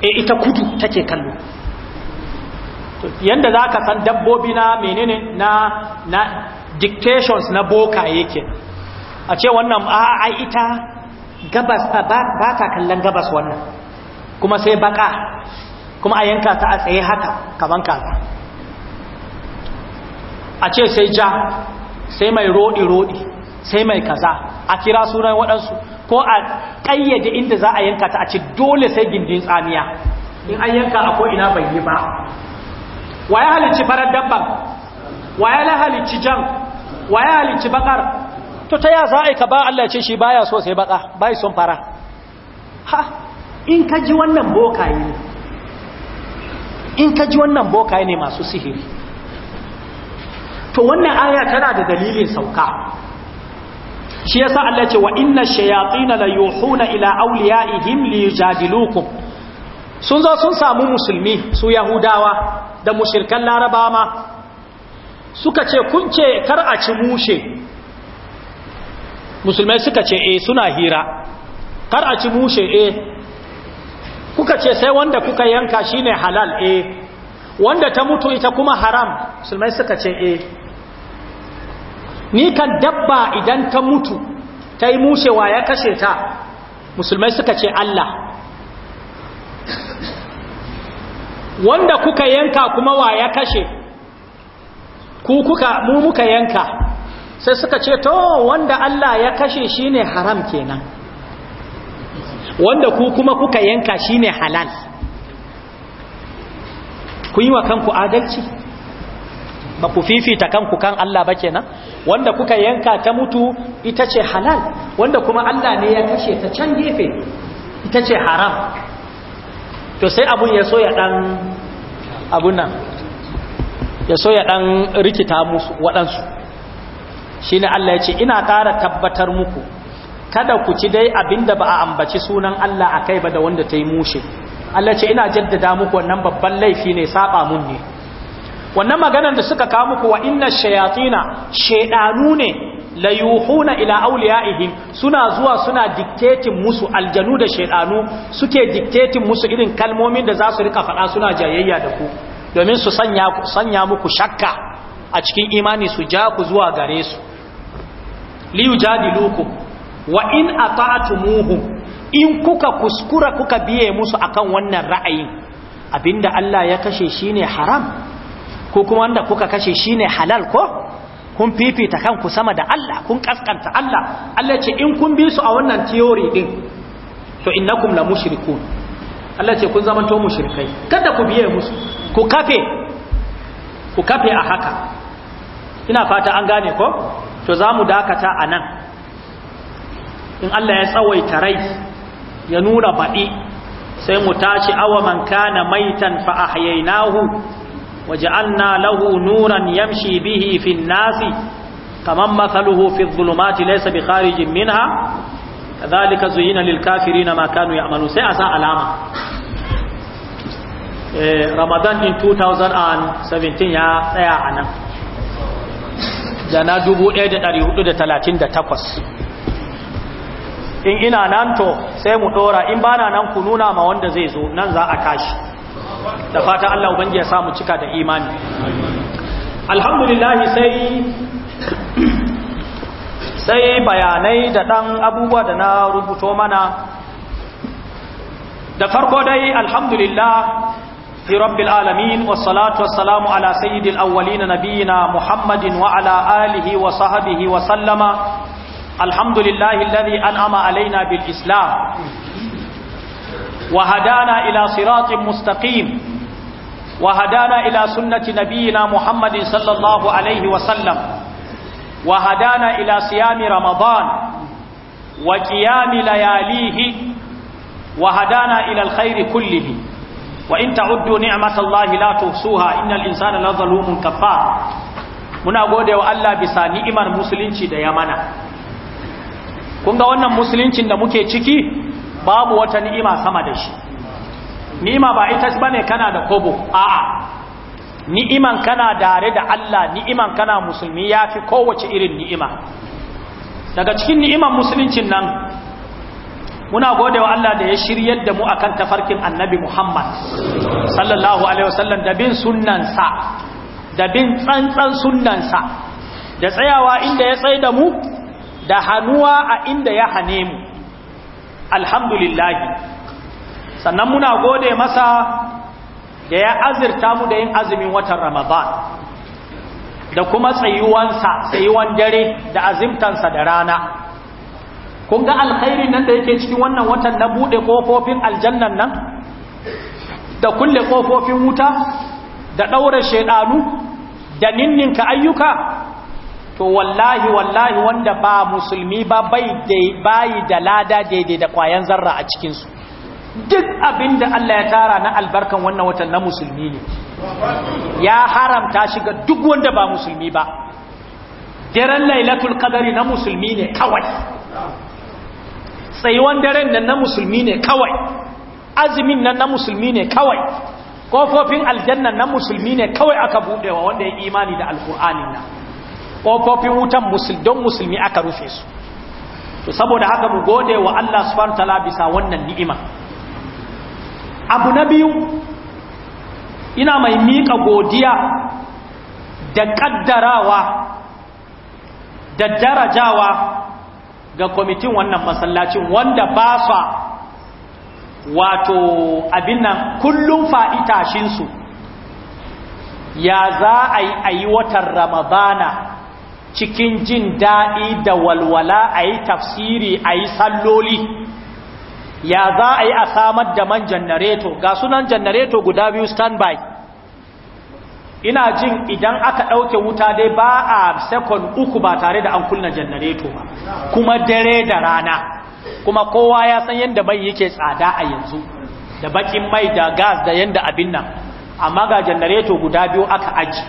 e ita kudu take kallo yanda za ka san dabbobi na menene na na dictations na boka yake a ce wannan a ita gabas ba ta kallon gabas wannan kuma sai baka kuma a yanka ta a tsaye haka kaman kaza a ce sai ja sai mai roɗi-roɗi sai mai kaza a kira sunan waɗansu ko a ƙayyade inda za a yanka ta a ce dole sai gindin tsamiya in an yanka a ko'ina bai yi ba wa ya halicci farar dabban wa ya halicci jan wa ya halicci bakar to ta ya za a yi ka ba Allah ce shi baya so sai baka bai son fara ha in ka ji wannan bokaye ne in ka ji wannan bokaye ne masu sihiri to wannan aya tana da dalilin sauka shi yasa Allah ce wa inna shayatin la yuhuna ila awliyaihim liyujadilukum sun zo sun samu musulmi su yahudawa da mushirikan larabawa ma suka ce kun ce kar a ci mushe musulmai suka ce eh suna hira kar a ci mushe e kuka ce sai wanda kuka yanka shine halal e wanda ta mutu ita kuma haram musulmai suka ce eh ni kan dabba idan ta mutu ta yi mushewa ya kashe ta musulmai suka ce Allah wanda kuka yanka kuma wa ya kashe ku kuka mu muka yanka sai suka ce to wanda Allah ya kashe shine haram kenan wanda ku kuma kuka yanka shine halal ku yi wa kanku adalci ba ku fifita kanku kan Allah ba kenan wanda kuka yanka ta mutu ita ce halal wanda kuma Allah ne ya kashe ta can gefe ita ce haram to sai abun ya so ya dan abun nan ya so ya dan rikita musu waɗansu shine Allah ya ce ina ƙara tabbatar muku kada ku ci dai abinda ba a ambaci sunan Allah a kai ba da wanda ta yi mushe Allah ce ina jaddada muku wannan babban laifi ne saba mun ne wannan maganar da suka kawo muku wa inna shayatina shedanu ne la yuhuna ila awliyaihim suna zuwa suna dictating musu aljanu da shedanu suke dictating musu irin kalmomin da za su rika faɗa suna jayayya da ku domin su sanya sanya muku shakka a cikin imani su ja ku zuwa gare su liyujadilukum wa in ata'tumuhum in kuka kuskura kuka biye musu akan wannan ra'ayin abinda Allah ya kashe shine haram ko kuma wanda kuka kashe shine halal ko kun fifita kanku sama da Allah kun kaskanta Allah Allah ce in kun bi su a wannan theory din to innakum la mushrikun Allah ce kun zama to mushrikai kada ku biye musu ku kafe ku kafe a haka ina fata an gane ko to za mu dakata a nan in Allah ya tsawaita rai ya nuna baɗi sai mu tashi awa man kana maitan fa ahyainahu waja'alna lahu nuran yamshi bihi fin nasi kaman mathaluhu fi dhulumati laysa bi kharijin minha kadhalika zuyina lil kafirina ma kanu ya'malu sai asa alama eh ramadan in 2017 ya tsaya anan da na 1438 in ina nan to sai mu dora in bana nan ku nuna ma wanda zai zo nan za a tashi da fata Allah ubangi ya samu cika da imani alhamdulillah sai sai bayanai da dan abubuwa da na rubuto mana da farko dai alhamdulillah في رب العالمين والصلاة والسلام على سيد الأولين نبينا محمد وعلى آله وصحبه وسلم الحمد لله الذي أنعم علينا بالإسلام وهدانا إلى صراط مستقيم وهدانا إلى سنة نبينا محمد صلى الله عليه وسلم وهدانا إلى صيام رمضان وقيام لياليه وهدانا إلى الخير كله wa in ta'uddu ni'matallahi la tuhsuha innal insana la zalumun muna gode wa Allah bisa ni'imar musulunci da ya mana kun ga wannan musuluncin da muke ciki babu wata ni'ima sama da shi ni'ima ba ita bane kana da kobo a'a ni'iman kana dare da Allah ni'iman kana musulmi yafi kowace irin ni'ima daga cikin ni'iman musuluncin nan muna gode wa Allah da ya shiryar da mu akan tafarkin annabi Muhammad sallallahu alaihi wasallam da bin sunnansa da bin tsantsan sunansa, da tsayawa inda ya tsaye da mu da hannuwa a inda ya hane mu alhamdulillahi sannan muna gode masa da ya azirta mu da yin azumin watan ramadan da kuma tsayuwansa tsayuwan dare da azimtansa da rana kun ga alkhairi nan da yake cikin wannan watan na buɗe ƙofofin aljannan nan da kulle ƙofofin wuta da ɗaure shaidanu da ninninka ayyuka to wallahi wallahi wanda ba musulmi ba bayi da lada daidai da kwayan zarra a cikinsu duk abin da Allah ya tara na albarkan wannan watan na musulmi ne ya haramta shi ga duk wanda ba musulmi ba daren lailatul qadari na musulmi ne kawai tsayuwan daren nan na musulmi ne kawai azumin nan na musulmi ne kawai kofofin aljanna na musulmi ne kawai aka buɗewa wanda ya imani da alkur'anin nan kofofin wutan don musulmi aka rufe su to saboda haka mu gode wa Allah subhanahu bisa wannan ni'ima abu na biyu ina mai miƙa godiya da ƙaddarawa da darajawa ga kwamitin wannan masallacin wanda ba sa wato abin nan kullum fa'itashinsu ya za a yi a yi watan ramadana cikin jin daɗi da walwala a yi tafsiri a yi salloli ya za a yi a samar da man janareto ga sunan janareto guda biyu standby ina jin idan aka ɗauke wuta dai ba a second uku ba tare da an kunna janareto ba kuma dare da rana kuma kowa ya san yadda mai yake tsada a yanzu da bakin mai da gas da yadda abin nan amma ga janareto guda biyu aka aji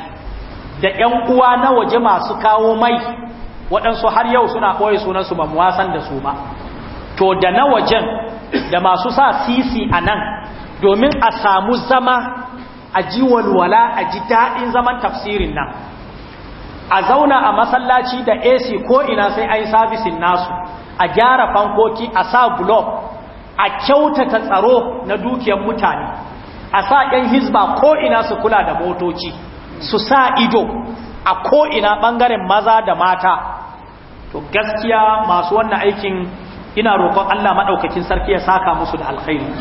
da 'yan uwa na waje masu kawo mai waɗansu har yau suna ɓoye sunansu ba mu wasan da su ba to da na wajen da masu sa sisi a nan domin a samu zama a ji walwala a ji daɗin zaman tafsirin nan a zauna a masallaci da AC ko ina sai an yi sabisin nasu a gyara fankoki a sa blok a kyautata tsaro na dukiyar mutane a sa ɗan hizba ko ina su kula da motoci su sa ido a ko ina ɓangaren maza da mata to gaskiya masu wannan aikin ina roƙon Allah maɗaukakin sarki ya saka musu da alkhairi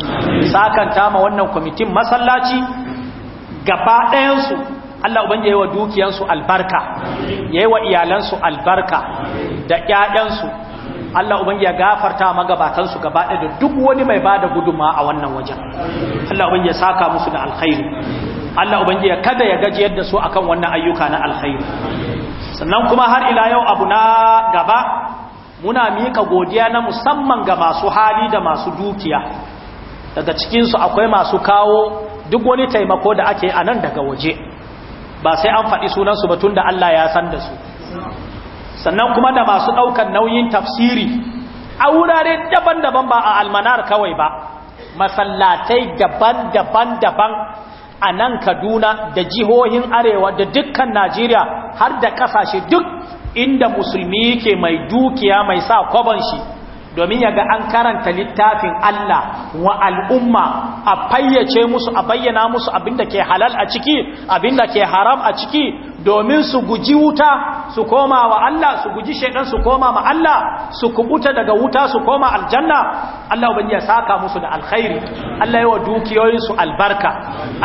sakanta ma wannan kwamitin masallaci gaba ɗayansu Allah ya yi wa dukiyansu albarka ya yi wa iyalansu albarka da ƴaƴansu Allah uban ya gafarta magabatansu gaba ɗaya da duk wani mai da guduma a wannan wajen Allah uban ya saka musu da alkhairi Allah ya kada ya gajiyar da su akan wannan ayyuka na alkhairi sannan kuma har ila yau abu na gaba muna mika godiya na musamman ga masu hali da masu dukiya daga cikinsu akwai masu kawo duk wani taimako da ake a nan daga waje ba sai an faɗi sunansu ba tun da Allah ya san da su sannan kuma da masu ɗaukar nauyin tafsiri a wurare daban-daban ba a almanar kawai ba masallatai daban-daban-daban a nan kaduna da jihohin arewa da dukkan najeriya har da ƙasashe duk inda musulmi ke mai dukiya mai sa kwaban shi domin yaga an karanta littafin Allah wa al'umma a fayyace musu a bayyana musu abinda ke halal a ciki abinda ke haram a ciki domin su guji wuta su koma wa Allah su guji shaidan su koma ma Allah su kubuta daga wuta su koma aljanna Allah ubangi ya saka musu da alkhairi Allah yi dukiyoyin dukiyoyinsu albarka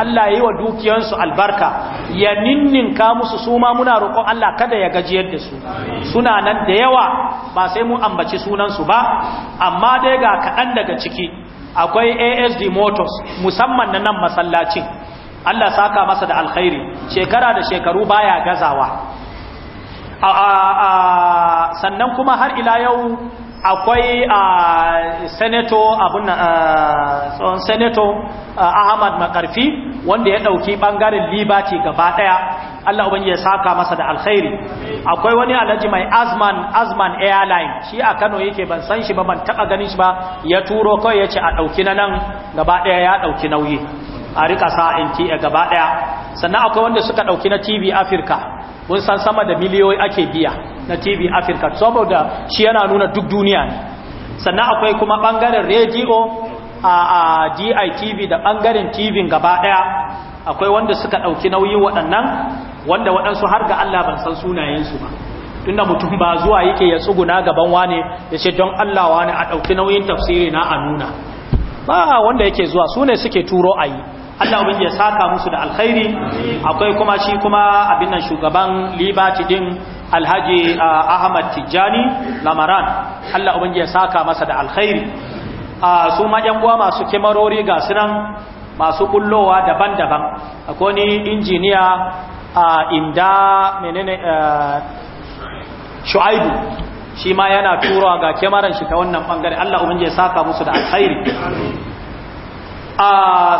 Allah yi wa dukiyoyinsu albarka ya nininka musu suma muna roƙon Allah kada ya gajiyar da su suna nan da yawa ba sai mu ambaci sunansu ba amma dai ga kaɗan daga ciki akwai ASD Motors musamman na nan masallacin Allah saka masa da alkhairi shekara da shekaru baya gazawa sannan kuma har ila yau akwai senator abun tsohon senator ahmad makarfi wanda ya dauki bangaren liberty gaba daya Allah ubangi ya saka masa da alkhairi akwai wani alhaji mai azman azman airline shi a Kano yake ban san shi ba ban taba ganin shi ba ya turo kai yace a dauki na nan gaba daya ya dauki nauyi a rika sa NTA gaba daya sannan akwai wanda suka dauki na TV Africa mun san sama da miliyoyi ake biya na TV Africa saboda shi yana nuna duk duniya ne sannan akwai kuma bangaren radio a, a da bangaren TV gaba daya akwai wanda suka dauki nauyin waɗannan wanda waɗansu har ga Allah ban san sunayensu ba tunda mutum ba zuwa yake ya tsuguna gaban wane ya ce don Allah wane a ɗauki nauyin tafsiri na a nuna ba wanda yake zuwa su ne suke turo a yi Allah ubin ya saka musu da alkhairi akwai kuma shi kuma abin nan shugaban libati din alhaji ah, ahmad tijjani lamaran Allah ubin ya saka masa da alkhairi ah, su ma yan uwa masu kemarori ga sunan masu kullowa daban-daban akwai ni injiniya ah, inda menene eh, shu'aibu shi ma yana turawa ga kemaran shi ta wannan bangare Allah ubin ya saka musu da alkhairi a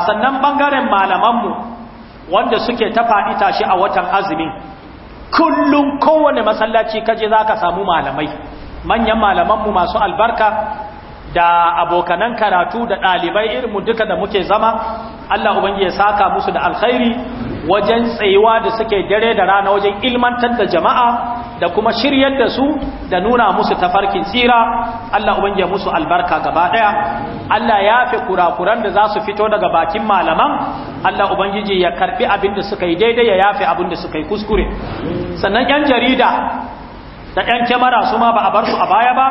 sannan ɓangaren malamanmu wanda suke ta faɗi tashi a watan azumin kullum kowane masallaci kaje za ka samu malamai manyan malamanmu masu albarka da abokanan karatu da ɗalibai mu duka da muke zama Allah ubangi ya saka musu da alkhairi wajen tsayuwa da suke dare da rana wajen ilmantar da jama'a da kuma shiryar da su da nuna musu tafarkin tsira Allah ubangi ya musu albarka gaba ɗaya Allah ya fi kurakuran da za su fito daga bakin malaman Allah ubangiji ya karbi abin da suka yi daidai ya yafe abin da suka yi kuskure sannan yan jarida da yan kyamara su ma ba a bar su a baya ba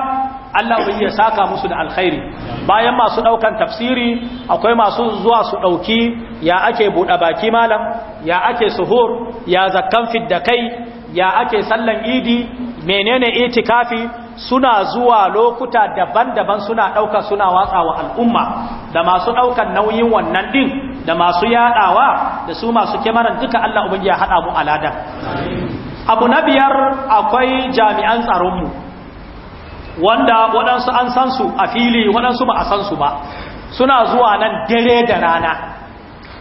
Allah bai iya saka musu da alkhairi bayan masu daukan tafsiri akwai masu zuwa su dauki ya ake buɗe baki malam ya ake suhur ya zakkan fidda kai ya ake sallan idi menene itikafi suna zuwa lokuta daban-daban suna ɗauka suna watsa wa al'umma da masu ɗaukan nauyin wannan ɗin da masu yaɗawa da su masu kyamaran duka Allah ubangi ya haɗa mu alada abu na biyar akwai jami'an tsaronmu wanda waɗansu an san su a fili waɗansu ba a san su ba suna zuwa nan dare da rana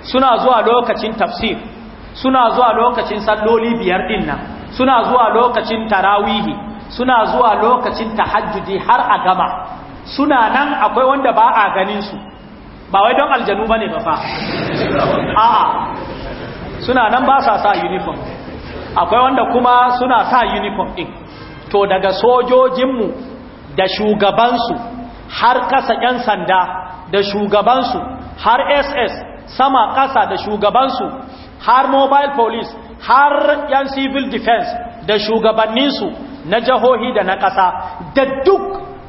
suna zuwa lokacin tafsir suna zuwa lokacin salloli biyar din nan suna zuwa lokacin tarawihi suna zuwa lokacin tahajjudi har a gama suna nan akwai wanda ba a ganin su ba wai don aljanu bane ba fa a'a suna nan ba sa sa uniform akwai wanda kuma suna sa uniform din to daga sojojinmu da shugabansu har kasa 'yan sanda da shugabansu har ss sama kasa da shugabansu har mobile police har 'yan civil defense da shugabanninsu na jihohi da na ƙasa da duk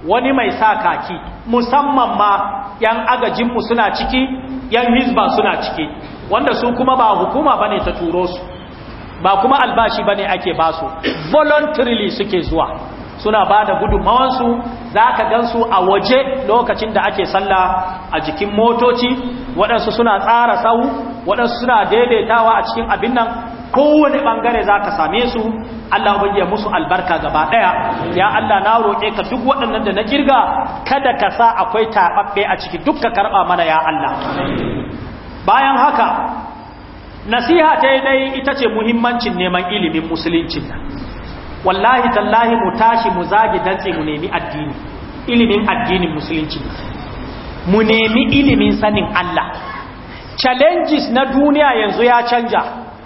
wani mai sa kaki musamman ma 'yan agajinmu suna ciki 'yan hizba suna ciki wanda su kuma ba hukuma bane ta turo su ba kuma albashi bane ake basu voluntarily suke zuwa suna ba da gudunmawansu za ka gansu a waje lokacin da ake sallah a jikin motoci waɗansu suna tsara sau waɗansu suna daidaitawa a cikin abin nan kowane ɓangare za ka same su Allah bayyana musu albarka gaba ɗaya ya Allah na roƙe ka duk waɗannan da na kirga kada ka sa akwai taɓaɓɓe a ciki duk ka karɓa mana ya Allah bayan haka nasiha ta yi ita ce muhimmancin neman ilimin musulunci nan wallahi tallahi mu tashi mu zage dantse mu nemi addini ilimin addinin musulunci mu nemi ilimin sanin Allah challenges na duniya yanzu ya canja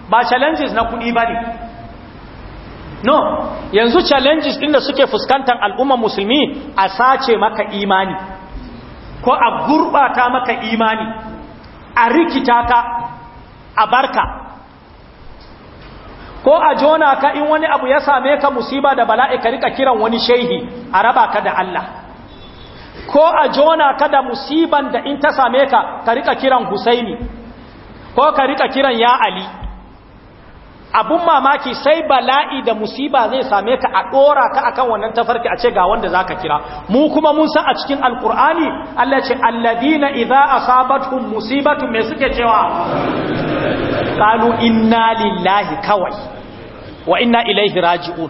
ba challenges na kudi bane no yanzu challenges ɗin da suke fuskantar al'ummar musulmi a sace maka imani ko a gurɓata maka imani a rikita ka a barka ko a jona ka in wani abu ya same ka musiba da bala'i ka rika kiran wani shehi a raba ka da Allah ko a jona ka da musiban da in ta same ka ka rika kiran Husaini ko ka rika kiran ya Ali abun mamaki sai bala'i da musiba zai same ka a dora ka akan wannan tafarki a ce ga wanda zaka kira mu kuma mun san a cikin alqur'ani Allah ce alladina idza asabatuhum musibatu me suke cewa qalu inna lillahi kawai wa inna ilaihi raji'un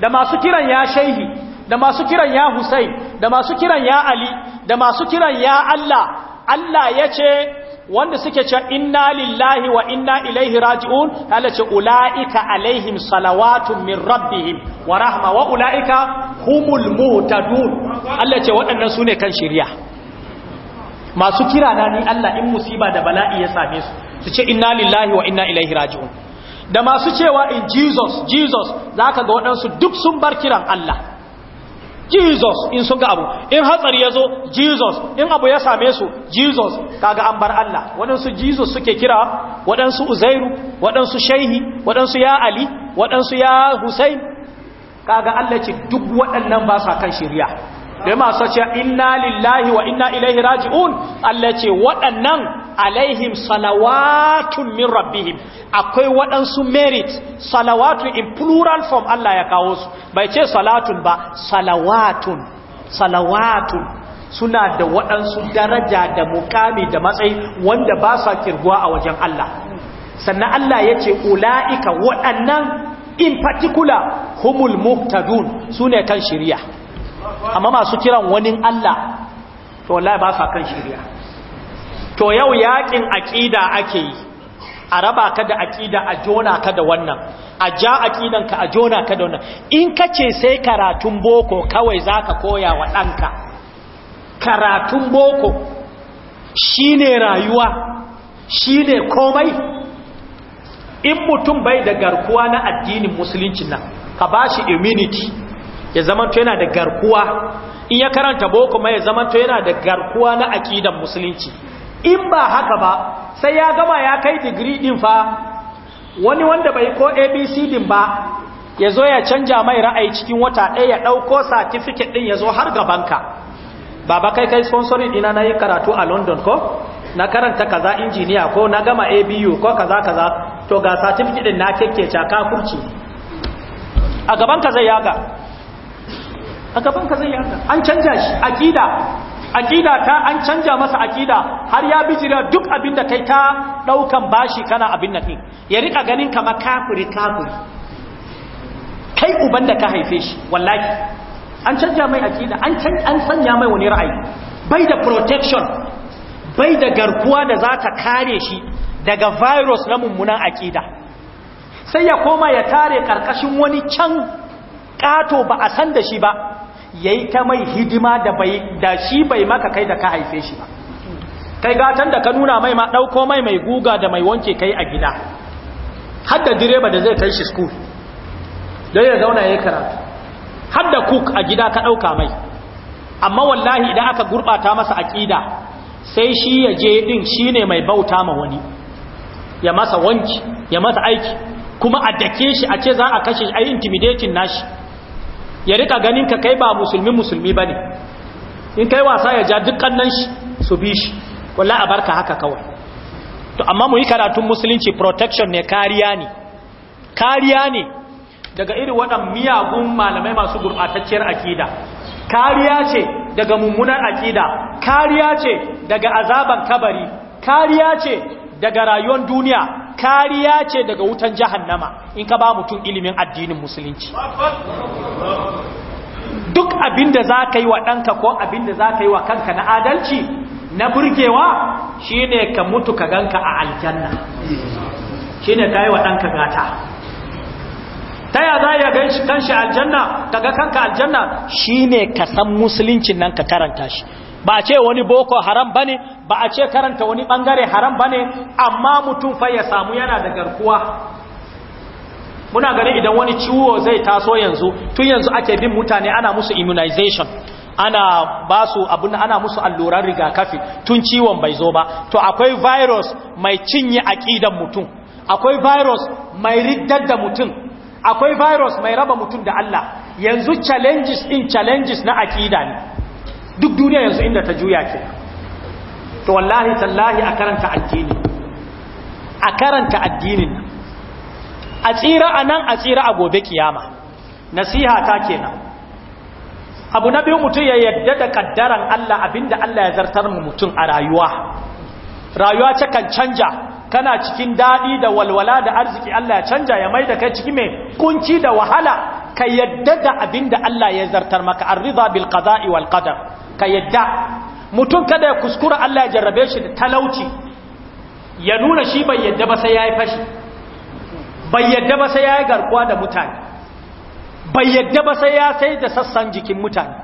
da masu kiran ya shaihi da masu kiran ya husain da masu kiran ya ali da masu kiran ya allah allah ya ce wanda suke ce inna lillahi wa inna ilaihi raji'un Allah ce ula'ika alaihim salawatun min rabbihim wa rahma wa ula'ika humul muhtadun Allah ce waɗannan sune kan shirya. masu kira na ni Allah in musiba da bala'i ya same su su ce inna lillahi wa inna ilaihi raji'un da masu cewa in jesus jesus za ka ga waɗansu duk sun bar kiran Allah jesus in sun ga abu in hatsari ya zo jesus in abu ya same su jesus kaga an bar Allah waɗansu jesus suke kira waɗansu uzairu waɗansu shaihi waɗansu ya ali waɗansu ya ka kaga Allah ce duk waɗannan ba sa kan shirya da masu cewa inna lillahi wa inna ilaihi raji'un Allah ce waɗannan alaihim salawatun min rabbihim akwai waɗansu merit salawatun in plural form Allah ya kawo su bai ce salatun ba salawatun salawatun suna da waɗansu daraja da mukami da matsayi wanda ba sa kirguwa a wajen Allah sannan Allah ya ce ula'ika waɗannan in particular humul muhtadun su ne kan shirya amma masu kiran wani Allah to wallahi ba sa kan shirya to yau yakin aqida ake yi a raba ka da aqida a jona ka da wannan a ja aqidan ka a jona ka da wannan in kace sai karatun boko kawai zaka koya wa danka karatun boko shine rayuwa shine komai in mutum bai da garkuwa na addinin musulunci nan ka bashi immunity ya zamanto yana da garkuwa in ya karanta boko mai ya zamanto yana da garkuwa na aqidan musulunci in ba haka ba sai ya gama ya kai digiri din fa wani wanda bai ko abc din ba ya zo ya canja mai ra'ayi cikin wata ɗaya ya ɗauko certificate ɗin ya zo har gabanka baba kai kai sponsorin ina na yi karatu a london ko na karanta kaza injiniya ko na gama abu ko kaza kaza to ga certificate ɗin na kekkece kafurci a gabanka zai yaga a gaban ka zai yanka an canja shi akida akida ta an canja masa akida har ya bijira duk abin da kai ta daukan bashi kana abin nan ya rika ganin kamar kafiri kafiri kai uban da ka haife shi wallahi an canja mai akida an an sanya mai wani ra'ayi bai da protection bai da garkuwa da za ta kare shi daga virus na mummunan akida sai ya koma ya tare karkashin wani can kato ba a san da shi ba yayi ta mai hidima da da shi bai maka kai da ka haife shi ba kai gatan da ka nuna mai ma ɗauko mai mai guga da mai wanke kai a gida har da direba da zai kai shi school don ya zauna ya karatu har da cook a gida ka ɗauka mai amma wallahi idan aka gurɓata masa aƙida, sai shi ya je shi ne mai bauta ma wani ya masa wanki ya masa aiki kuma a dake shi a ce za a kashe shi a intimidating nashi ya rika ganin ka kai ba musulmi musulmi bane in kai wasa ya ja dukkan nan shi su bi shi wallahi a barka haka kawai to amma mu yi karatun musulunci protection ne kariya ne kariya ne daga irin waɗan miyagun malamai masu gurɓatacciyar akida kariya ce daga mummunan akida kariya ce daga azaban kabari kariya ce daga rayuwar duniya kariya ce daga wutan jahannama in ka ba mutum ilimin addinin musulunci duk abinda za ka yi wa ɗanka ko abinda za ka yi wa kanka na adalci na burgewa shine ka mutu ka ganka a aljanna shine ka yi wa ɗanka gata ta ya za ya ganshi aljanna ka ga kanka aljanna shine ka san musulunci nan ka karanta shi ba ce wani boko haram bane ba a ce karanta wani bangare haram ba ne amma mutum fa ya samu yana da garkuwa muna gani idan wani ciwo zai taso yanzu tun yanzu ake bin mutane ana musu immunization ana ba su abin ana musu alluran rigakafi tun ciwon bai zo ba to akwai virus mai cinye aƙidan mutum akwai virus mai riddar da mutum akwai virus mai raba mutum da Allah yanzu challenges in challenges na aƙida ne duk duniya yanzu inda ta juya ke to wallahi tallahi a karanta addini a karanta addinin a tsira a nan a tsira a gobe kiyama nasiha ta kenan abu na biyu mutum ya yadda da kaddaran Allah abinda Allah ya zartar mu mutum a rayuwa rayuwa ta kan canja kana cikin daɗi da walwala da arziki Allah ya canja ya mai da kai ciki mai kunci da wahala ka yadda da abinda Allah ya zartar maka arrida bil qada'i wal qadar ka yadda mutum kada ya kuskura Allah ya jarrabe shi da talauci ya nuna shi bai yadda ba sai ya yi fashi bai yadda ba sai ya yi garkuwa da mutane bai yadda ba sai ya sai da sassan jikin mutane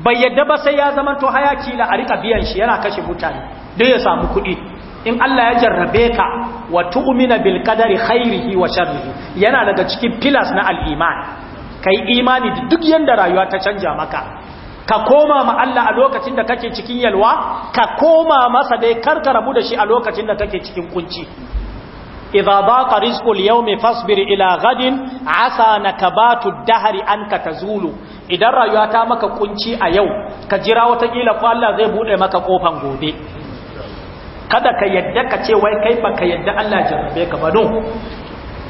bai yadda ba sai ya zamanto hayaki la a rika biyan shi yana kashe mutane don ya samu kuɗi in Allah ya jarrabe ka wa tu'mina bil qadari khairihi wa sharrihi yana daga cikin pillars na al-iman kai imani da duk yanda rayuwa ta canja maka ka koma ma Allah a lokacin da kake cikin yalwa ka koma masa dai karka rabu da shi a lokacin da kake cikin kunci idza baqa rizqul yawmi fasbir ila ghadin asa nakabatu dahri anka tazulu idan rayuwa ta maka kunci a yau ka jira wata kila ko Allah zai bude maka kofan gobe kada ka yadda ka ce wai kai baka yadda Allah jarrabe ka ba don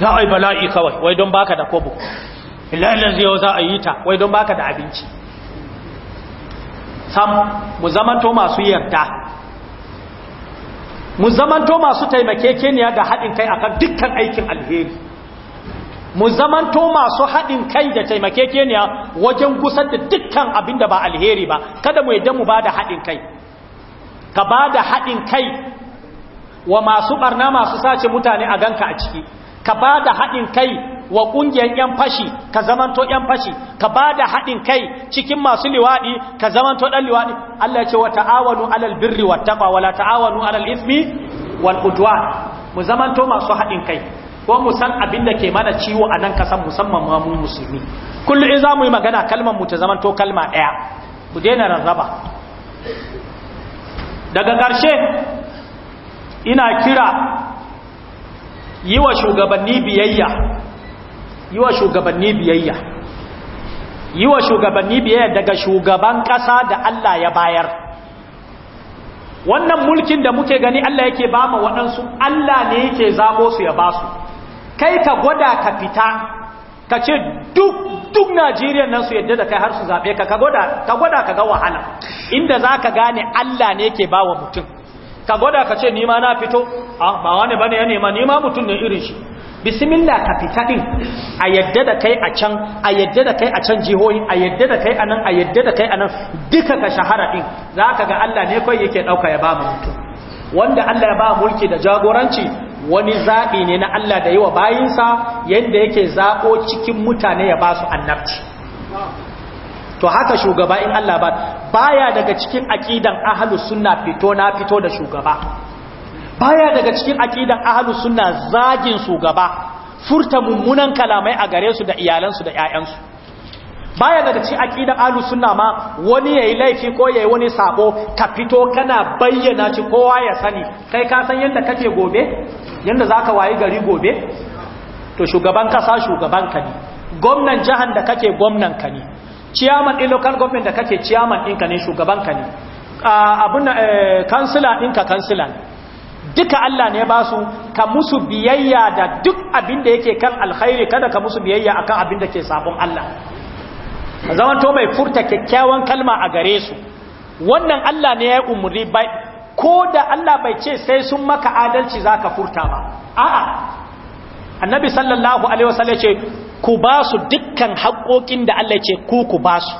za a yi bala'i kawai wai don baka da kobo yau za a yi ta wai don baka da abinci sam mu zamanto masu yarda mu zamanto masu taimakekeniya da haɗin kai akan dukkan aikin alheri mu zamanto masu haɗin kai da taimakekeniya wajen gusar da dukkan abin da ba alheri ba kada mu yadda mu ba da haɗin kai ka ba da haɗin kai wa masu ɓarna masu sace mutane a ganka a ciki ka ba da haɗin kai wa ƙungiyar 'yan fashi ka zamanto 'yan fashi ka ba da haɗin kai cikin masu liwaɗi ka zamanto ɗan liwaɗi Allah ce wa ta'awanu alal birri wa wala ta'awanu alal ismi wal udwan mu zamanto masu haɗin kai ko mu san abin da ke mana ciwo a nan kasan musamman ma mu musulmi kullum in za mu yi magana kalmar mu ta zamanto kalma ɗaya ku daina rarraba daga ƙarshe ina kira yi wa shugabanni biyayya yi wa shugabanni biyayya yi wa shugabanni biyayya daga shugaban ƙasa da Allah ya bayar wannan mulkin da muke gani Allah yake ba ma waɗansu Allah ne yake zamo su ya ba su kai ka gwada ka fita ka ce duk duk Najeriya nan su yadda da kai har su zaɓe ka ka gwada ka ga wahala inda za ka gane Allah ne yake ba wa mutum ka gwada ka ce nima na fito a ba wani bane ya nema nima mutum ne irin shi bismillah ka fita din a yadda da kai a can a yadda da kai a can jihohi a yadda da kai anan a yadda da kai anan duka ka shahara din Za ka ga Allah ne kai yake ɗauka ya ba mu mutum wanda Allah ya ba mulki da jagoranci wani zaɓi ne na Allah da yawa bayinsa yanda yake zaɓo cikin mutane ya ba su annabci to haka shugaba in Allah ba baya daga cikin aqidan ahlus sunna fito na fito da shugaba baya daga cikin aqidan ahlus sunna zagin shugaba furta mummunan kalamai a gare su da iyalan su da 'ƴa'ƴan su baya daga cikin aqidan ahlus sunna ma wani yayi laifi ko yayi wani sako ka fito kana bayyana ci kowa ya sani kai ka san yanda kake gobe yanda zaka wayi gari gobe to shugaban kasa shugaban ka ne gwamnan jahan da kake gwamnan ka ne ciyaman ɗin local government da kake ciyaman ɗinka ne shugabanka ne abun da kansila eh, ɗinka kansila councilor duka Allah ne ba su ka musu biyayya da duk abin da yake kan alkhairi kada ka musu biyayya akan abin da ke sabon Allah zaman to mai furta kyakkyawan kalma a gare su wannan Allah ne ya yi umarni ko da Allah bai ce sai sun maka adalci zaka furta ba a'a annabi sallallahu alaihi wasallam ce ku ba su dukkan haƙoƙin da Allah ce ku ku ba su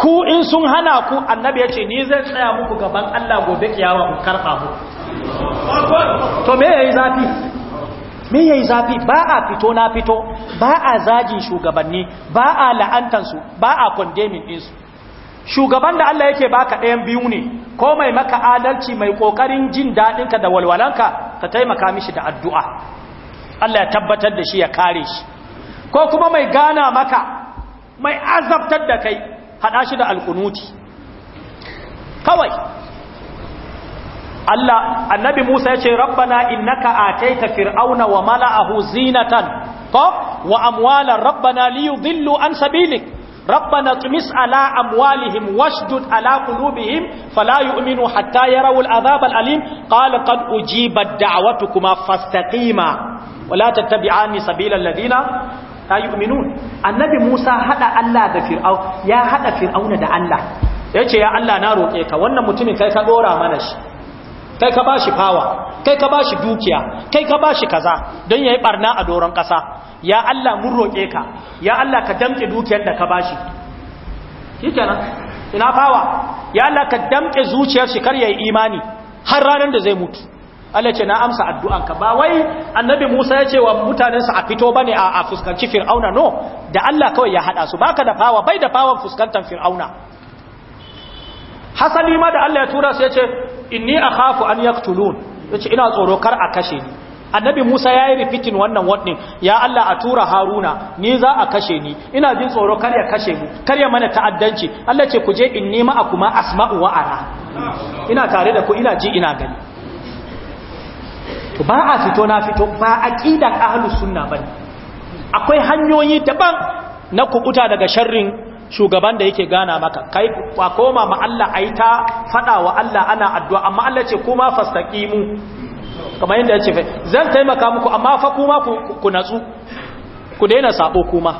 ku in sun hana ku annabi ya ce ni zai tsaya muku gaban Allah gobe kiyama ku karɓa mu to me yayi zafi me yayi zafi ba a fito na fito ba a zagin shugabanni ba a la'antar su ba a condemning din su shugaban da Allah yake baka ɗayan biyu ne ko mai maka adalci mai kokarin jin dadinka da walwalanka ka taimaka mishi da addu'a Allah ya tabbatar da shi ya kare shi ko kuma mai gana maka mai azabtar da kai hada shi da alkunuti kawai Allah annabi Musa ya ce rabbana innaka ataita fir'auna wa mala'ahu zinatan ko wa amwalan rabbana liyudillu an sabilik rabbana tumis ala amwalihim washdud ala qulubihim fala yu'minu hatta yarawu al'azab al'alim qala qad ujibat da'watukuma fastaqima wala tattabi'ani sabila alladhina la yu'minun annabi Musa hada Allah da Fir'auna da Allah yace ya Allah na roƙe ka wannan mutumin kai ka dora mana shi kai ka bashi fawa kai ka bashi dukiya kai ka bashi kaza don yayi barna a doron kasa ya Allah mun roke ka ya Allah ka damke dukiyar da ka bashi shikenan ina fawa ya Allah ka damke zuciyar shi kar yayi imani har ranar da zai mutu Allah ce na amsa addu'anka ba wai annabi Musa ya ce wa mutanensa a fito bane a a fuskanci Fir'auna no da Allah kawai ya hada su baka da fawa bai da fawan fuskantar Fir'auna hasali ma da Allah ya tura su ya ce inni akhafu an yaqtulun yace ina tsoro kar a kashe ni annabi Musa ya yi repeating wannan word ya Allah a tura Haruna ni za a kashe ni ina jin tsoro kar ya kashe mu kar ya mana ta'addanci Allah ce ku je inni kuma asma'u wa ara ina tare da ku ina ji ina gani ba a fito na fito ba aqidan ahlus sunna bane akwai hanyoyi daban na kukuta daga sharrin shugaban da yake gana maka kai wa koma ma Allah a yi ta fada wa Allah ana addu'a amma Allah ce kuma mu. kamar yadda ya ce zan taimaka muku amma fa kuma ku natsu ku daina sabo kuma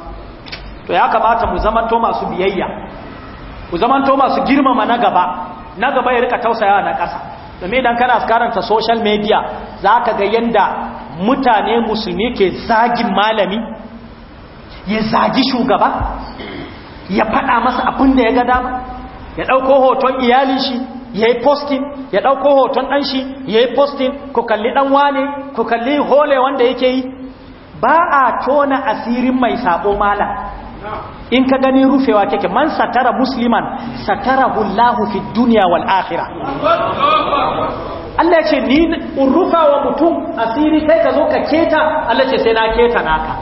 to ya kamata mu zamanto masu biyayya mu zamanto masu girmama na gaba na gaba ya rika tausayawa na ƙasa domin idan kana karanta social media za ka ga yadda mutane musulmi ke zagin malami ya zagi shugaba ya faɗa masa abin da ya ga dama ya ɗauko hoton iyalin shi ya yi postin ya ɗauko hoton ɗan shi ya yi postin ku kalli ɗan wane ku kalli hole wanda yake yi ba a tona asirin mai saɓo mala in ka gani rufewa kake man satara musliman satara hullahu fi duniya wal akhirah Allah ce ni urufa wa mutum asiri kai ka zo ka keta Allah ce sai na keta naka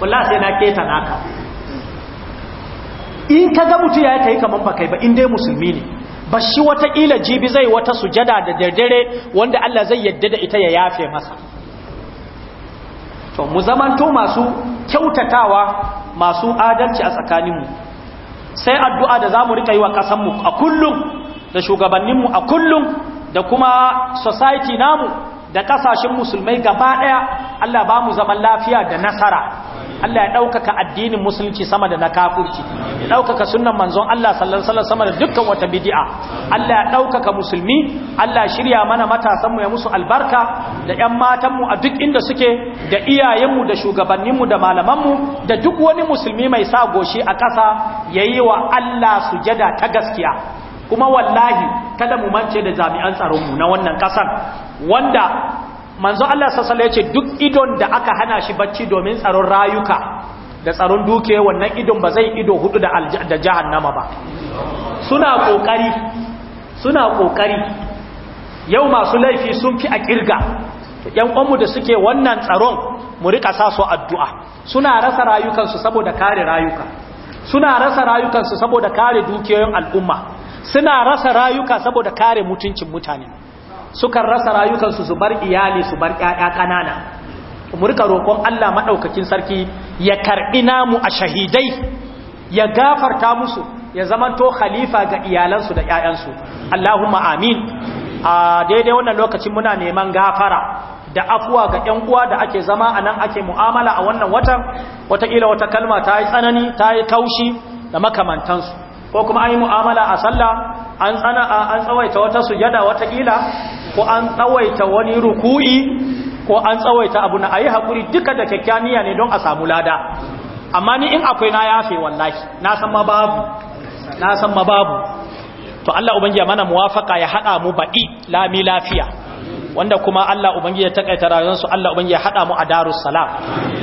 wallahi sai na keta naka in ka ga mutu ya yi kamar ba kai ba in dai musulmi ne ba shi ila jibi zai wata sujada da daddare wanda Allah zai yadda da ita ya yafe masa to mu zamanto masu kyautatawa masu adalci a tsakaninmu sai addu'a da za mu rika yi wa ƙasanmu a kullum da shugabanninmu a kullum da kuma society namu da ƙasashen musulmai gaba ɗaya Allah ba mu zaman lafiya da nasara Allah ya ɗaukaka addinin musulunci sama da na kafurci ya ɗaukaka sunan manzon Allah sallallahu sama da dukkan wata bidi'a Allah ya ɗaukaka musulmi Allah shirya mana matasanmu ya musu albarka da ‘yan matanmu a duk inda suke da iyayenmu da shugabanninmu da malamanmu da duk wani musulmi mai sa goshi a ƙasa ya yi wa Allah sujada ta gaskiya kuma wallahi kada mu mance da jami'an tsaronmu na wannan ƙasar wanda manzo Allah sassala ya ce duk idon da aka hana shi bacci domin tsaron rayuka da tsaron duke wannan idon ba zai ido hudu da jahannama ba suna kokari suna kokari yau masu laifi sun fi a kirga yan uwanmu da suke wannan tsaron mu rika sa su addu'a suna rasa rayukansu saboda kare rayuka suna rasa rayukansu saboda kare dukiyoyin al'umma suna rasa rayuka saboda kare mutuncin mutane sukan rasa rayukansu su bar iyali su bar ƴaƴa ƙanana mu rika roƙon Allah madaukakin sarki ya karɓi namu a shahidai ya gafarta musu ya zamanto khalifa ga iyalansu da ƴaƴansu Allahumma amin a daidai wannan lokacin muna neman gafara da afuwa ga ƴan uwa da ake zama a nan ake mu'amala a wannan watan wataƙila wata kalma ta yi tsanani ta yi kaushi da makamantansu ko kuma an yi mu'amala a sallah an tsawaita wata sujada wataƙila ko an tsawaita wani ruku'i ko an tsawaita abu na ayi hakuri duka da kyakkyaniya ne don a samu lada amma ni in akwai na yafe wallahi na san mababu na san mababu to Allah ubangiya mana muwafaka ya haɗa mu baɗi lami lafiya wanda kuma Allah ubangiji ya takaita rayuwarsu Allah ubangiji ya hada mu a darus salam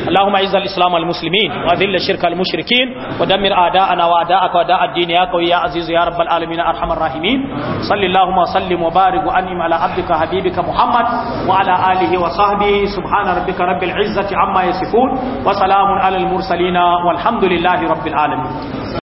Allahumma izzal islam al muslimin wa dhilla shirka al mushrikin wa dammir a'da'ana wa a'da'aka wa da'a ad-din ya qawi ya aziz ya rabbal alamin arhamar rahimin sallallahu wa sallim wa barik wa anim ala abdika habibika muhammad wa ala alihi wa sahbihi subhana rabbika rabbil izzati amma yasifun wa salamun ala al mursalin walhamdulillahi rabbil alamin